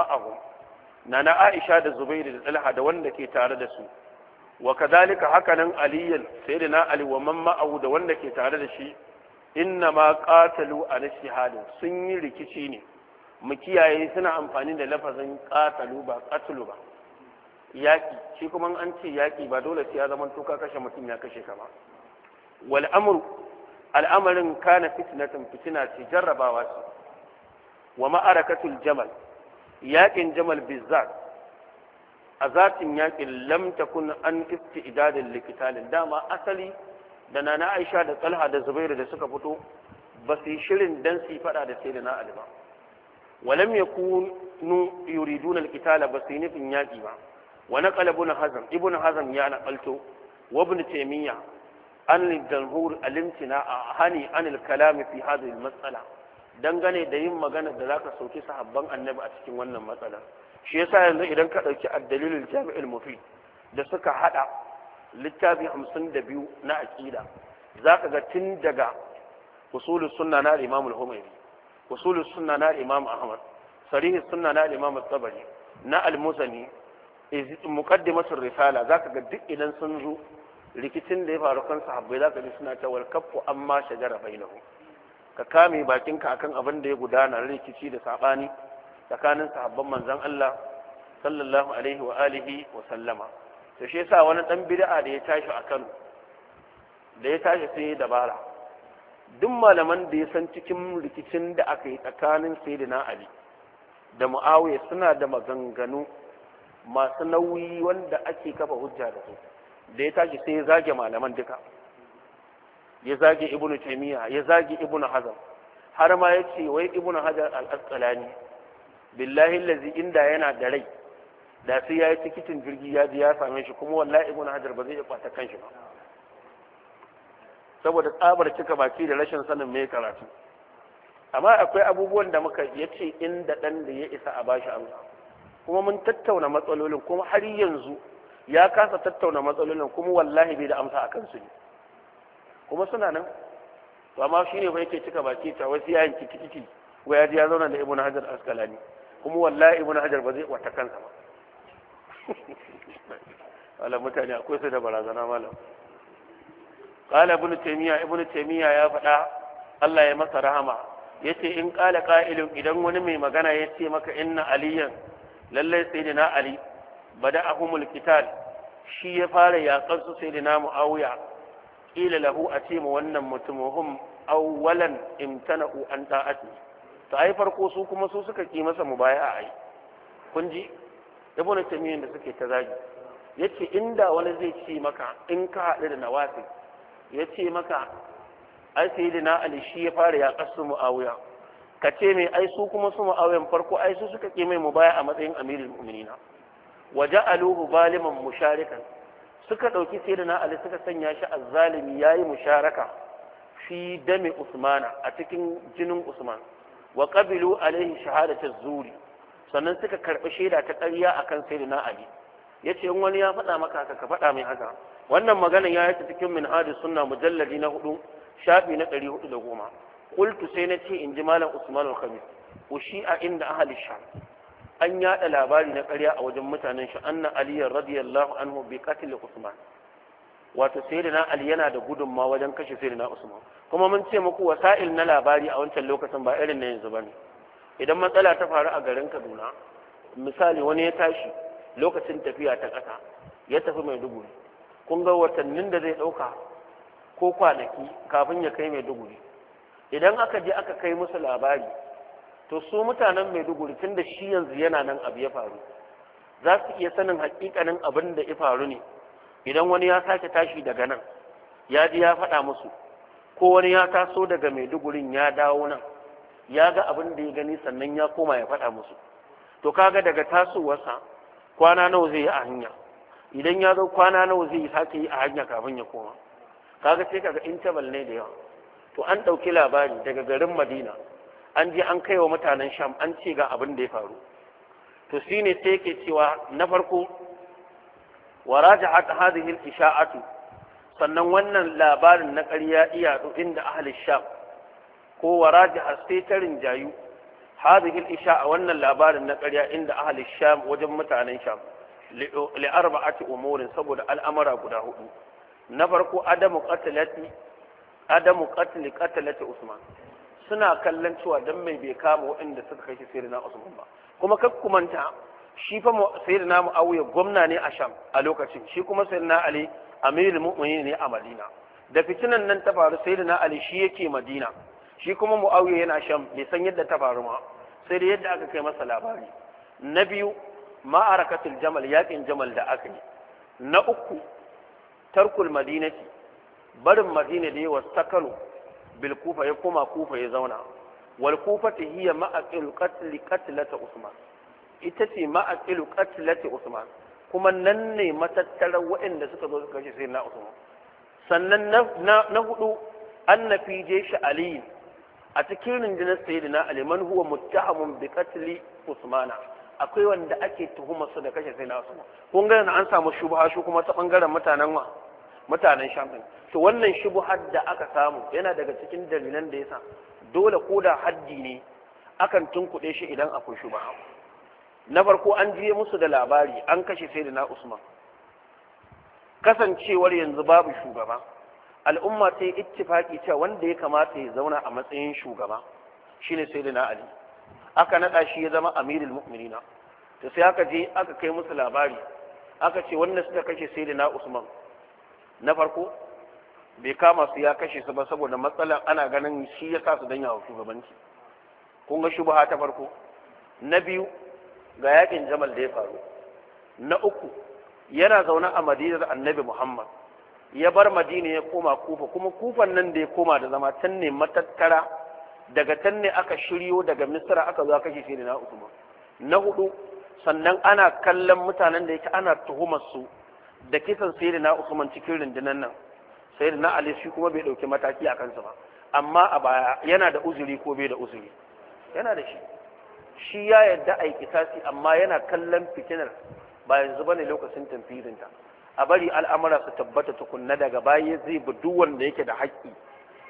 na na aisha da Zubairu da tsalha da wanda ke tare da su wa kadhalika hakanan aliyan na ali wa man ma'ahu da wanda ke tare da shi inna ma a ala shahada sun yi rikici ne mu kiyaye suna amfani da lafazin qatalu ba qatlu ba yaki shi kuma an ce yaki ba dole sai ya zama to ka kashe mutum ya kashe kama wal amru al'amarin kana fitnatin fitina ce jarrabawa ce wa ma'arakatul jamal yakin jamal bizzat a zatin yakin lam takun an kifti idadin likitalin dama asali da nana aisha da talha da zubairu da suka fito ba su yi shirin dansi su yi fada da sai da na ba walam yakunu yuriduna alqitala ba su yi nufin yaki ba wa naqala ibn hazm ibn hazan ya naqalto wa ibn taymiya an al-jumhur a hani an al fi hadhihi matsala dangane da yin magana da zaka sauki sahabban annabi a cikin wannan matsalar shi yasa yanzu idan ka dauki ad-dalilul jami'ul mufid da suka hada littafi hamsin da biyu na aƙida za ka ga tun daga usulul sunna na imam al-humayri usulul sunna na imam ahmad sarihis sunna na imam tabari na al-musani muqaddimatur risala za ka ga duk idan sun zo rikicin da ya faru kan sahabbai za ka ji suna cewa kaffu amma shajara bainahu ka kame bakinka akan abin da ya gudana rikici da sabani tsakanin sahabban manzon Allah sallallahu alaihi wa alihi wa sallama to shi yasa wani dan bid'a da ya tashi a Kano da ya tashi sai dabara duk malaman da ya san cikin rikicin da aka yi tsakanin sayyidina Ali da Muawiya suna da maganganu masu nauyi wanda ake kafa hujja da su da ya tashi sai ya zage malaman duka ya zage ibnu taymiya ya zage ibnu hazm har ma yace wai ibnu hajar al-asqalani billahi allazi inda yana da rai da sai ya yi tikitin jirgi ya ji ya same shi kuma wallahi ibn hajar ba zai iya kwata kanshi ba saboda tsabar cika baki da rashin sanin me karatu amma akwai abubuwan da muka yace inda dan da ya isa a bashi amsa kuma mun tattauna matsalolin kuma har yanzu ya kasa tattauna matsalolin kuma wallahi bai da amsa akan su ne kuma suna nan to amma shine fa yake cika baki ta wasu yayin tikiti ko ya ji ya zauna da ibn hajar askalani kuma wallahi ibn hajar ba zai kwata kansa ba wala mutane akwai su da barazana malam qala ibnu taymiya ibnu taymiya ya faɗa Allah ya masa rahama yace in qala qa'ilun idan wani mai magana ce maka inna aliyan lallai sayyidina ali bada ahumul qital shi ya fara yaƙar su sayyidina muawiya ila lahu atima wannan mutum awwalan imtana'u an ta'ati to ai farko su kuma su suka ki masa mubaya'a ai kun ji ibnu taymiyyah da suke ta zagi yace inda wani zai ce maka in ka haɗu da nawasi yace maka ai sayyidina ali shi ya fara ya kasu muawiya ka ce mai ai su kuma su muawiyan farko ai su suka ke mai mubaya a matsayin amirul mu'minina wa ja'aluhu baliman musharikan suka dauki sayyidina ali suka sanya shi azzalimi yayi musharaka fi dami usmana a cikin jinin usman wa qabilu alaihi shahadatu zuri sannan suka karɓi shaida ta ƙarya akan na ali yace in wani ya faɗa maka haka ka faɗa mai haka wannan maganan ya yi cikin min hadu sunna mujalladi na hudu shafi na ɗari hudu da goma kultu sai na ce in ji malam usman al-khamis a inda ahli sham an yada labari na ƙarya a wajen mutanen shi anna ali radiyallahu anhu bi qatl usman wato sayyidina ali yana da gudunma wajen kashe sayyidina usman kuma mun ce muku wasa'il na labari a wancan lokacin ba irin na yanzu bane idan matsala ta faru a garin kaduna misali wani ya tashi lokacin tafiya ta ƙasa ya tafi mai duguri kun ga watannin da zai ɗauka ko kwanaki kafin ya kai mai duguri idan aka je aka kai musu labari to su mutanen mai duguri tun da shi yanzu yana nan abu ya faru za su iya sanin hakikanin abin da ya faru ne idan wani ya sake tashi daga nan ya ji ya faɗa musu ko wani ya taso daga mai dugurin ya dawo nan ya ga abin da ya gani sannan ya koma ya faɗa musu to kaga daga tasowarsa kwana nawa zai yi a hanya idan ya zo kwana nawa zai yi sake yi a hanya kafin ya koma kaga sai ga intabal ne da yawa to an ɗauki labari daga garin madina an ji an kai wa mutanen sham an ce ga abin da ya faru to shi ne sai yake cewa na farko wa raja'at hadhihi al-isha'atu sannan wannan labarin na ƙarya iya inda ahli sham ko waraji tarin jayu hadhihi al-isha a wannan labarin na ƙarya inda ahli sham wajen mutanen sham li arba'ati umurin saboda al'amara guda hudu na farko adamu qatlati adamu qatli qatlati usman suna kallon cewa dan mai bai kama waɗanda suka kai sayyidina usman ba kuma kakkumanta shi fa sayyidina muawiya gwamna ne a sham a lokacin shi kuma sayyidina ali amirul mu'minin ne a madina da fitinan nan ta faru sayyidina ali shi yake madina shi kuma mu'awiya yana shan bai san yadda ta faru ma sai da yadda aka kai masa labari na biyu ma'arakatul jamal yakin jamal da aka yi na uku tarkul madinati barin madina da yawa sakalu bil kufa ya koma kufa ya zauna wal kufa ta hiya ma'aqil qatl qatlata usman ita ce ma'aqil qatlata usman kuma nan ne matattarar waɗanda suka zo suka kashe sayyidina usman sannan na na hudu annafi jeshi aliyu a cikin rundunar sayidina ali man huwa muttahamun bi qatli usmana akwai wanda ake tuhumar su da kashe sayyidina usman kun ga an samu shubha shi kuma ta bangaren mutanen wa mutanen sham din to wannan shubhar da aka samu yana daga cikin dalilan da yasa dole ko da haddi ne akan tunkuɗe shi idan akwai shubha na farko an jiye musu da labari an kashe sayyidina usman kasancewar yanzu babu shugaba al'umma ta yi ittifaki cewa wanda ya kamata ya zauna a matsayin shugaba shine sayyidina ali aka naɗa shi ya zama amirul mu'minina to sai aka je aka kai musu labari aka ce wannan suka kashe sayyidina usman na farko bai kama su ya kashe su ba saboda matsalar ana ganin shi ya sa su danya wa shugabanci kun ga shubha ta farko na biyu ga yakin jamal da ya faru na uku yana zaune a madinar annabi muhammad ya bar madina ya koma kufa kuma kufan nan da ya koma da zama can ne matattara daga can ne aka shiryo daga misra aka zo kashe shi na usman na hudu sannan ana kallon mutanen da yake ana tuhumar su da kisan sayyidina usman cikin rundunar nan sayyidina ali shi kuma bai dauki mataki a kansa ba amma a baya yana da uzuri ko bai da uzuri yana da shi shi ya yarda a yi amma yana kallon fitinar ba yanzu bane lokacin tamfirinta a bari al'amura su tabbata tukunna daga baya zai bi duk wanda yake da haƙƙi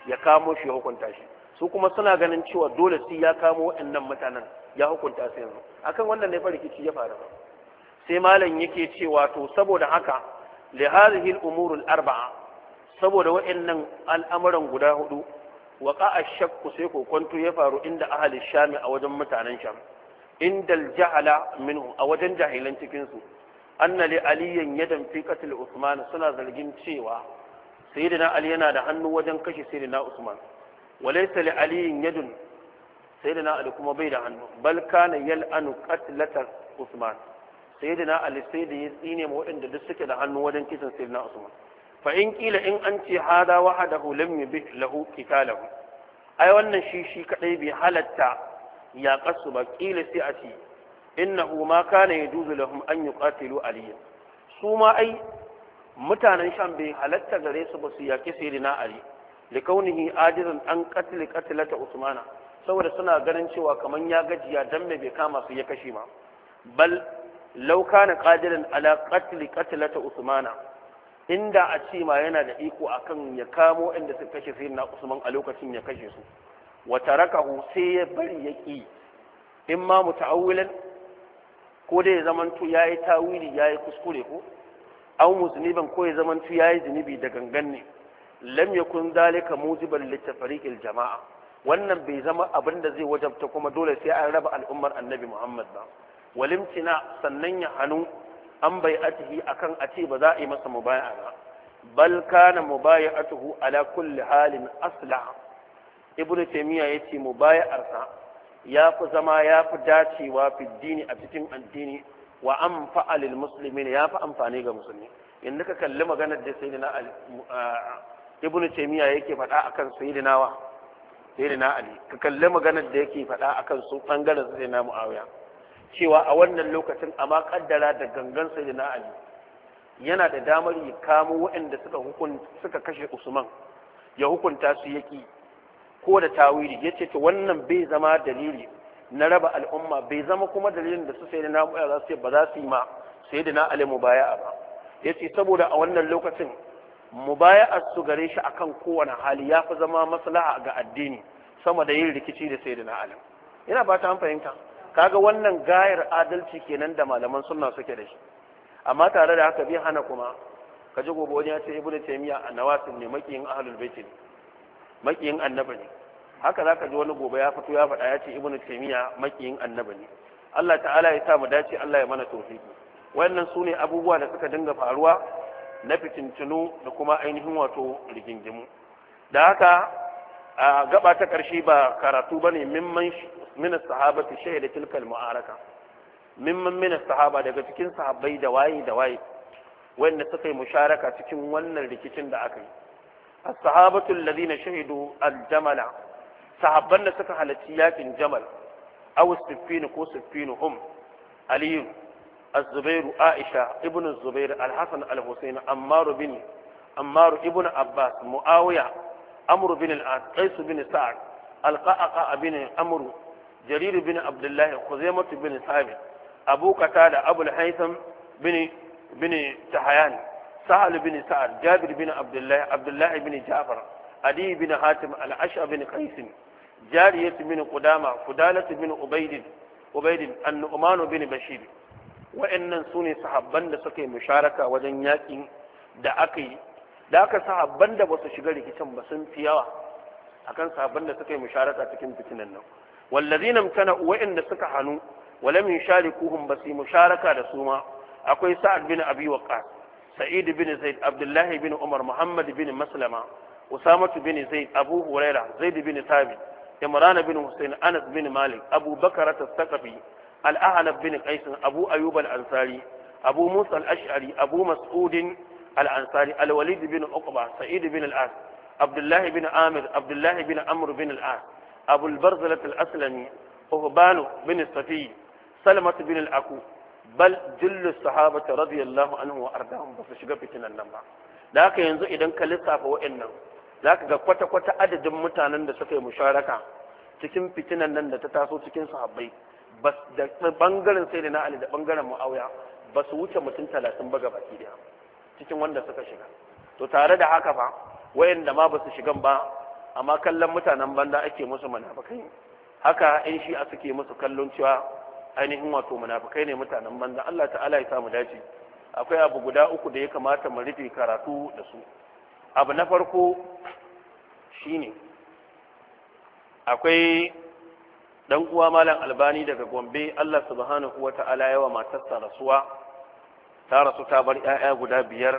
ya kamo shi ya hukunta shi su kuma suna ganin cewa dole sai ya kamo waɗannan mutanen ya hukunta su yanzu akan wannan ne rikici ya faru sai malam yake cewa to saboda haka li hadhihi al arbaa saboda waɗannan al'amuran guda hudu waqa'a shakku sai ko ya faru inda ahli shami a wajen mutanen sham indal jahala minhu a wajen jahilan cikin su anna li aliyan yadan fi qatl usman suna zargin cewa sayyidina ali yana da hannu wajen kashe sayyidina usman walaysa li aliyin yadun sayyidina ali kuma bai da hannu bal kana yal'anu qatlata usman sayyidina ali sai da ya tsine ma waɗanda duk suke da hannu wajen kisan sayyidina usman fa in kila in an ce hada wahadahu lam yubi lahu qitalahu ai wannan shi shi kadai bai halatta ya kasu ba kila sai a ce innahu ma kana yajuzu lahum an yuqatilu aliya su ma ai mutanen sham bai halatta gare su ba su yaki sirina ali likaunihi ajizan an qatl qatlata usmana saboda suna ganin cewa kaman ya gajiya dan me bai kama su ya kashe ma bal law kana qadiran ala qatl qatlata usmana inda a ce ma yana da iko akan ya kamo inda suka kashe sayyidina usman a lokacin ya kashe su wa tarakahu sai ya bari yaki imma muta'awwilan ko dai ya zamanto ya yi tawili ya yi kuskure ko aw musniban ko ya zamanto ya yi zunubi da gangan ne lam dalika mujibar mujiban litafariqil jama'a wannan bai zama abin da zai wajabta kuma dole sai an raba al'ummar annabi muhammad ba walimtina sannan ya hannu an bai atihi akan a ce ba za a yi masa mubaya'a ba bal kana mubaya'atuhu ala kulli halin aslah ibnu taymiya yace mubaya'arsa ya fi zama ya fi dacewa fi a cikin addini wa an fa'alil musulmi ya fi amfani ga musulmi yadda ka kalli maganar da sai na ibn taymiya yake faɗa akan sayyidina wa ali ka kalli maganar da yake faɗa akan su bangaren na muawiya cewa a wannan lokacin amma kaddara da gangan na ali yana da damar ya kamo waɗanda suka kashe usman ya hukunta su yaki ko da tawili ya ce to wannan bai zama dalili na raba al'umma bai zama kuma dalilin da su sai da na'uya za su ba za su yi ma sai da na'ali mubaya'a ba ya ce saboda a wannan lokacin mubaya'ar su gare shi akan kowane hali ya fi zama maslaha ga addini sama da yin rikici da sai da na'ali ina ba ta fahimta kaga wannan gayar adalci kenan da malaman sunna suke da shi amma tare da haka bai hana kuma kaje gobe wani ya ce ibnu taymiya a nawasin ne makiyin ahlul bait ne makiyin annaba ne haka zaka ji wani gobe ya fito ya faɗa ya ce ibnu taymiya makiyin annaba ne Allah ta'ala ya sa mu dace Allah ya mana tawfiki wayannan sune abubuwa da suka dinga faruwa na fitintunu da kuma ainihin wato rigingimu da haka a gaba ta ƙarshe ba karatu bane mimman min sahabati shaida tilkal mu'araka mimman min sahaba daga cikin sahabbai da waye da waye wanda suka yi musharaka cikin wannan rikicin da aka yi A sahabatun alladhina shahidu al-jamala sahabban da suka halarci yakin jamal aw Sifinu ko Sifinu hum aliyu az zubairu aisha ibn az-zubair al-hasan al-husayn ammar bin ammar ibn abbas muawiya amr bin al-as qais bin sa'd al-qaqa bin amr jarir bin abdullah khuzaimah bin sabit abu qatada abu al-haytham bin bin tahyan sahal bin sa'ad jabir bin abdullahi abdullahi bin jafar adi bin hatim al-ash'a bin qais jariyat bin qudama fudalat bin ubayd ubayd an-nu'man bin bashir wa'annan sune sahabban da suke musharaka wajen yakin da aka yi da aka sahabban da basu shiga rikicin ba sun fi yawa akan sahabban da suka yi musharaka cikin fitinan nan wallazina mtana wa'anda suka hanu walam yusharikuhum basi musharaka da suma akwai sa'ad bin abi waqas sa'id bin zaid abdullahi bin umar muhammad bin maslama usama bin zaid abu huraira zaid bin thabit imran bin husayn anas bin malik abu bakr at-thaqafi al-ahnaf bin qais abu ayyub al-ansari abu musa al-ash'ari abu mas'ud al-ansari al-walid bin uqba sa'id bin al abdullahi bin amir abdullahi bin amr bin al-as abu al-barzalah al-aslami uhbanu bin safi salmat bin al bal jullu sahabata radiyallahu anhu wa ardahum ba su shiga fitinan nan ba da haka yanzu idan ka lissafa wa'annan za ga kwata-kwata adadin mutanen da suka yi musharaka cikin fitinan nan da ta taso cikin sahabbai da bangaren sai da ali da bangaren mu'awiya ba su wuce mutum talatin ba gabaki daya cikin wanda suka shiga to tare da haka fa wayanda ma ba su shigan ba amma kallon mutanen banda ake musu manafakai haka in shi a suke musu kallon cewa ainihin wato munafikai ne mutanen banza Allah ta'ala ya samu dace akwai abu guda uku da ya kamata mu rufe karatu da su abu na farko shine akwai dan uwa malam albani daga gombe Allah subhanahu wa ta'ala yawa matarsa rasuwa ta rasu ta bar 'ya'ya guda biyar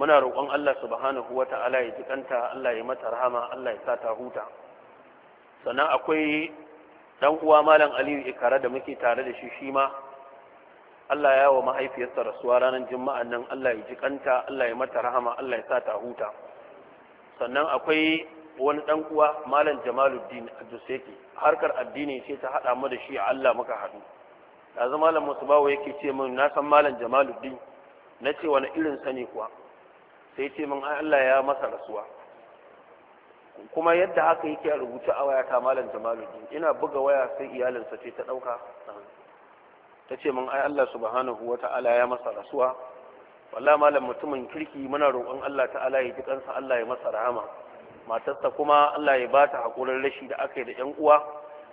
muna roƙon Allah subhanahu wa ta'ala ya ji kanta Allah ya mata rahama Allah ya sa ta huta sannan akwai dan uwa malam aliyu ikara da muke tare da shi shi ma Allah ya wa mahaifiyarsa rasuwa ranar juma'a nan Allah ya ji kanta Allah ya mata rahama Allah ya sa ta huta sannan akwai wani dan uwa malam jamaluddin aduseki harkar addini ce ta hada mu da shi Allah muka hadu yanzu malam musubawa yake ce min na san malam jamaluddin na ce wani irin sani kuwa sai ce min Allah ya masa rasuwa kuma yadda haka yake a rubuce a waya ta malam jamaluddin ina buga waya sai iyalinsa ce ta ɗauka ta ce min ai Allah subhanahu wa ta'ala ya masa rasuwa wallahi malam mutumin kirki muna roƙon Allah ta'ala ya ji kansa Allah ya masa rahama matarsa kuma Allah ya bata hakurin rashi da aka yi da ƴan uwa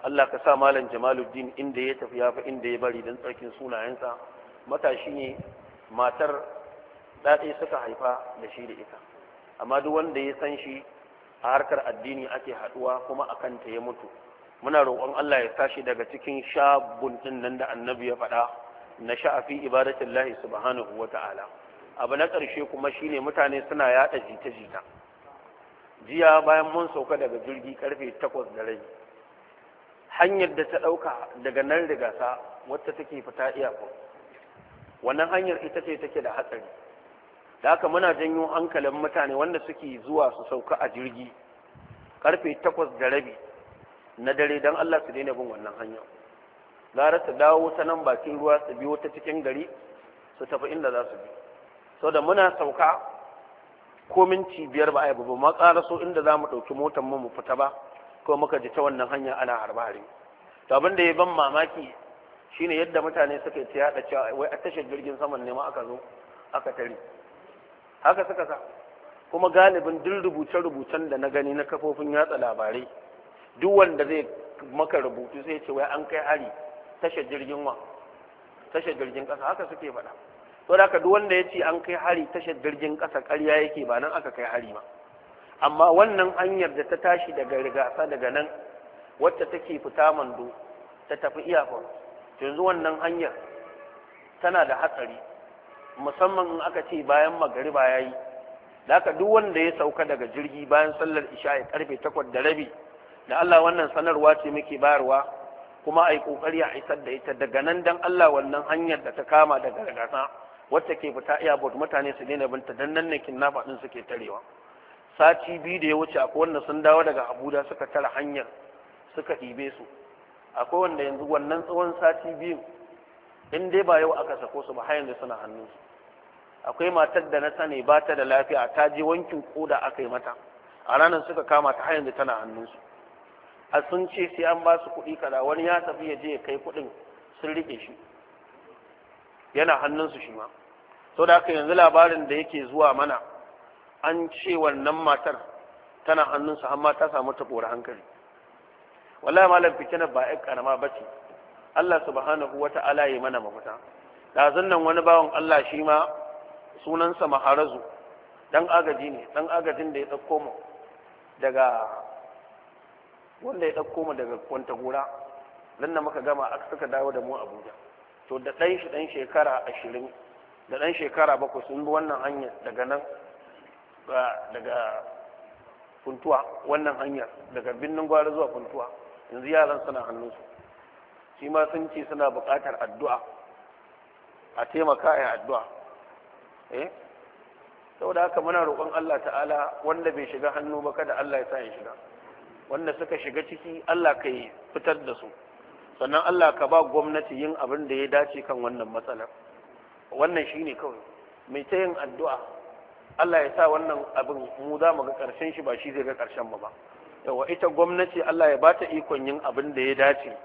Allah ka sa malam jamaluddin inda ya tafi ya fa inda ya bari dan tsarkin sunayensa matashi ne matar ɗaɗe suka haifa da shi da ita amma duk wanda ya san shi a harkar addini ake haduwa kuma a kanta ya mutu muna roƙon Allah ya tashi daga cikin shabun din nan da annabi ya faɗa na sha'afi ibadatillahi subhanahu wa ta'ala abu na ƙarshe kuma shine mutane suna yaɗa jita-jita jiya bayan mun sauka daga jirgi karfe takwas da rai hanyar da ta ɗauka daga nan rigasa wacce take fita iyakun wannan hanyar ita ce take da hatsari da haka muna janyo hankalin mutane wanda suke zuwa su sauka a jirgi karfe takwas da rabi na dare don Allah su daina bin wannan hanya gara su dawo ta nan bakin ruwa su biyo ta cikin gari su tafi inda za su bi so da muna sauka ko minti biyar ba a yi babu ma so inda za mu ɗauki motar mu mu fita ba ko muka ji ta wannan hanya ana harbari to abin da ya ban mamaki shine yadda mutane suka yi ta yaɗa cewa wai a tashar jirgin saman ne ma aka zo aka tare haka suka sa kuma galibin duk rubuce-rubucen da na gani na kafofin yatsa labarai duk wanda zai maka rubutu sai ce wai an kai hari tashar jirgin wa tashar jirgin kasa haka suke faɗa to da duk wanda ya ce an kai hari tashar jirgin kasa ƙarya yake ba nan aka kai hari ba amma wannan hanyar da ta tashi daga rigasa daga nan wacce take fita mando ta tafi iyakon yanzu wannan hanyar tana da hatsari musamman in aka ce bayan magariba ya yi da aka duk wanda ya sauka daga jirgi bayan sallar isha'i karfe takwas da rabi da Allah wannan sanarwa ce muke bayarwa kuma a yi ƙoƙari a isar da ita daga nan dan Allah wannan hanyar da ta kama daga gasa wacce ke fita iya airport mutane su daina binta dan nan ne na din suke tarewa sati biyu da ya wuce akwai wanda sun dawo daga Abuja suka tara hanyar suka ɗibe su akwai wanda yanzu wannan tsawon sati biyu in dai ba yau aka sako su ba har yanzu suna hannu akwai matar da na sani ba ta da lafiya ta je wankin koda aka yi mata a ranar suka kama ta har yanzu tana hannun su a sun ce sai an ba su kuɗi kaza wani ya tafi ya je ya kai kuɗin sun riƙe shi yana hannun su shi ma sau da haka yanzu labarin da yake zuwa mana an ce wannan matar tana su amma ta samu ta hankali wallahi malam fitina ba ƴan karama ba ce Allah subhanahu wa ta'ala ya mana mafita da nan wani bawan Allah shi ma sunansa maharazu dan agaji ne dan agajin da ya ɗauko mu daga wanda ya ɗauko mu daga kwantagora nan da muka gama aka suka dawo da mu abuja to da ɗan shi ɗan shekara ashirin da ɗan shekara bakwai sun bi wannan hanyar daga nan daga funtuwa wannan hanyar daga birnin gwari zuwa funtuwa yanzu yaran suna hannunsu shi ma sun ce suna buƙatar addu'a a taimaka a addu'a eh saboda haka muna roƙon Allah ta'ala wanda bai shiga hannu ba kada Allah ya sa ya shiga wanda suka shiga ciki Allah ka yi fitar da su sannan Allah ka ba gwamnati yin abin da ya dace kan wannan matsalar wannan shi ne kawai mai ta yin addu'a Allah ya sa wannan abin mu za mu ga ƙarshen shi ba shi zai ga ƙarshen mu ba yawa ita gwamnati Allah ya ba ta ikon yin abin da ya dace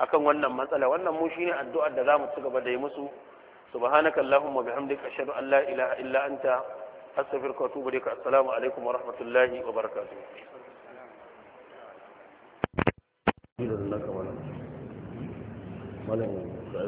akan wannan matsala wannan mu shine addu'ar da zamu ci gaba da yi musu subhanaka allahumma bihamdika ashhadu an la ilaha illa anta astaghfiruka wa atubu ilaik assalamu alaikum wa rahmatullahi wa barakatuh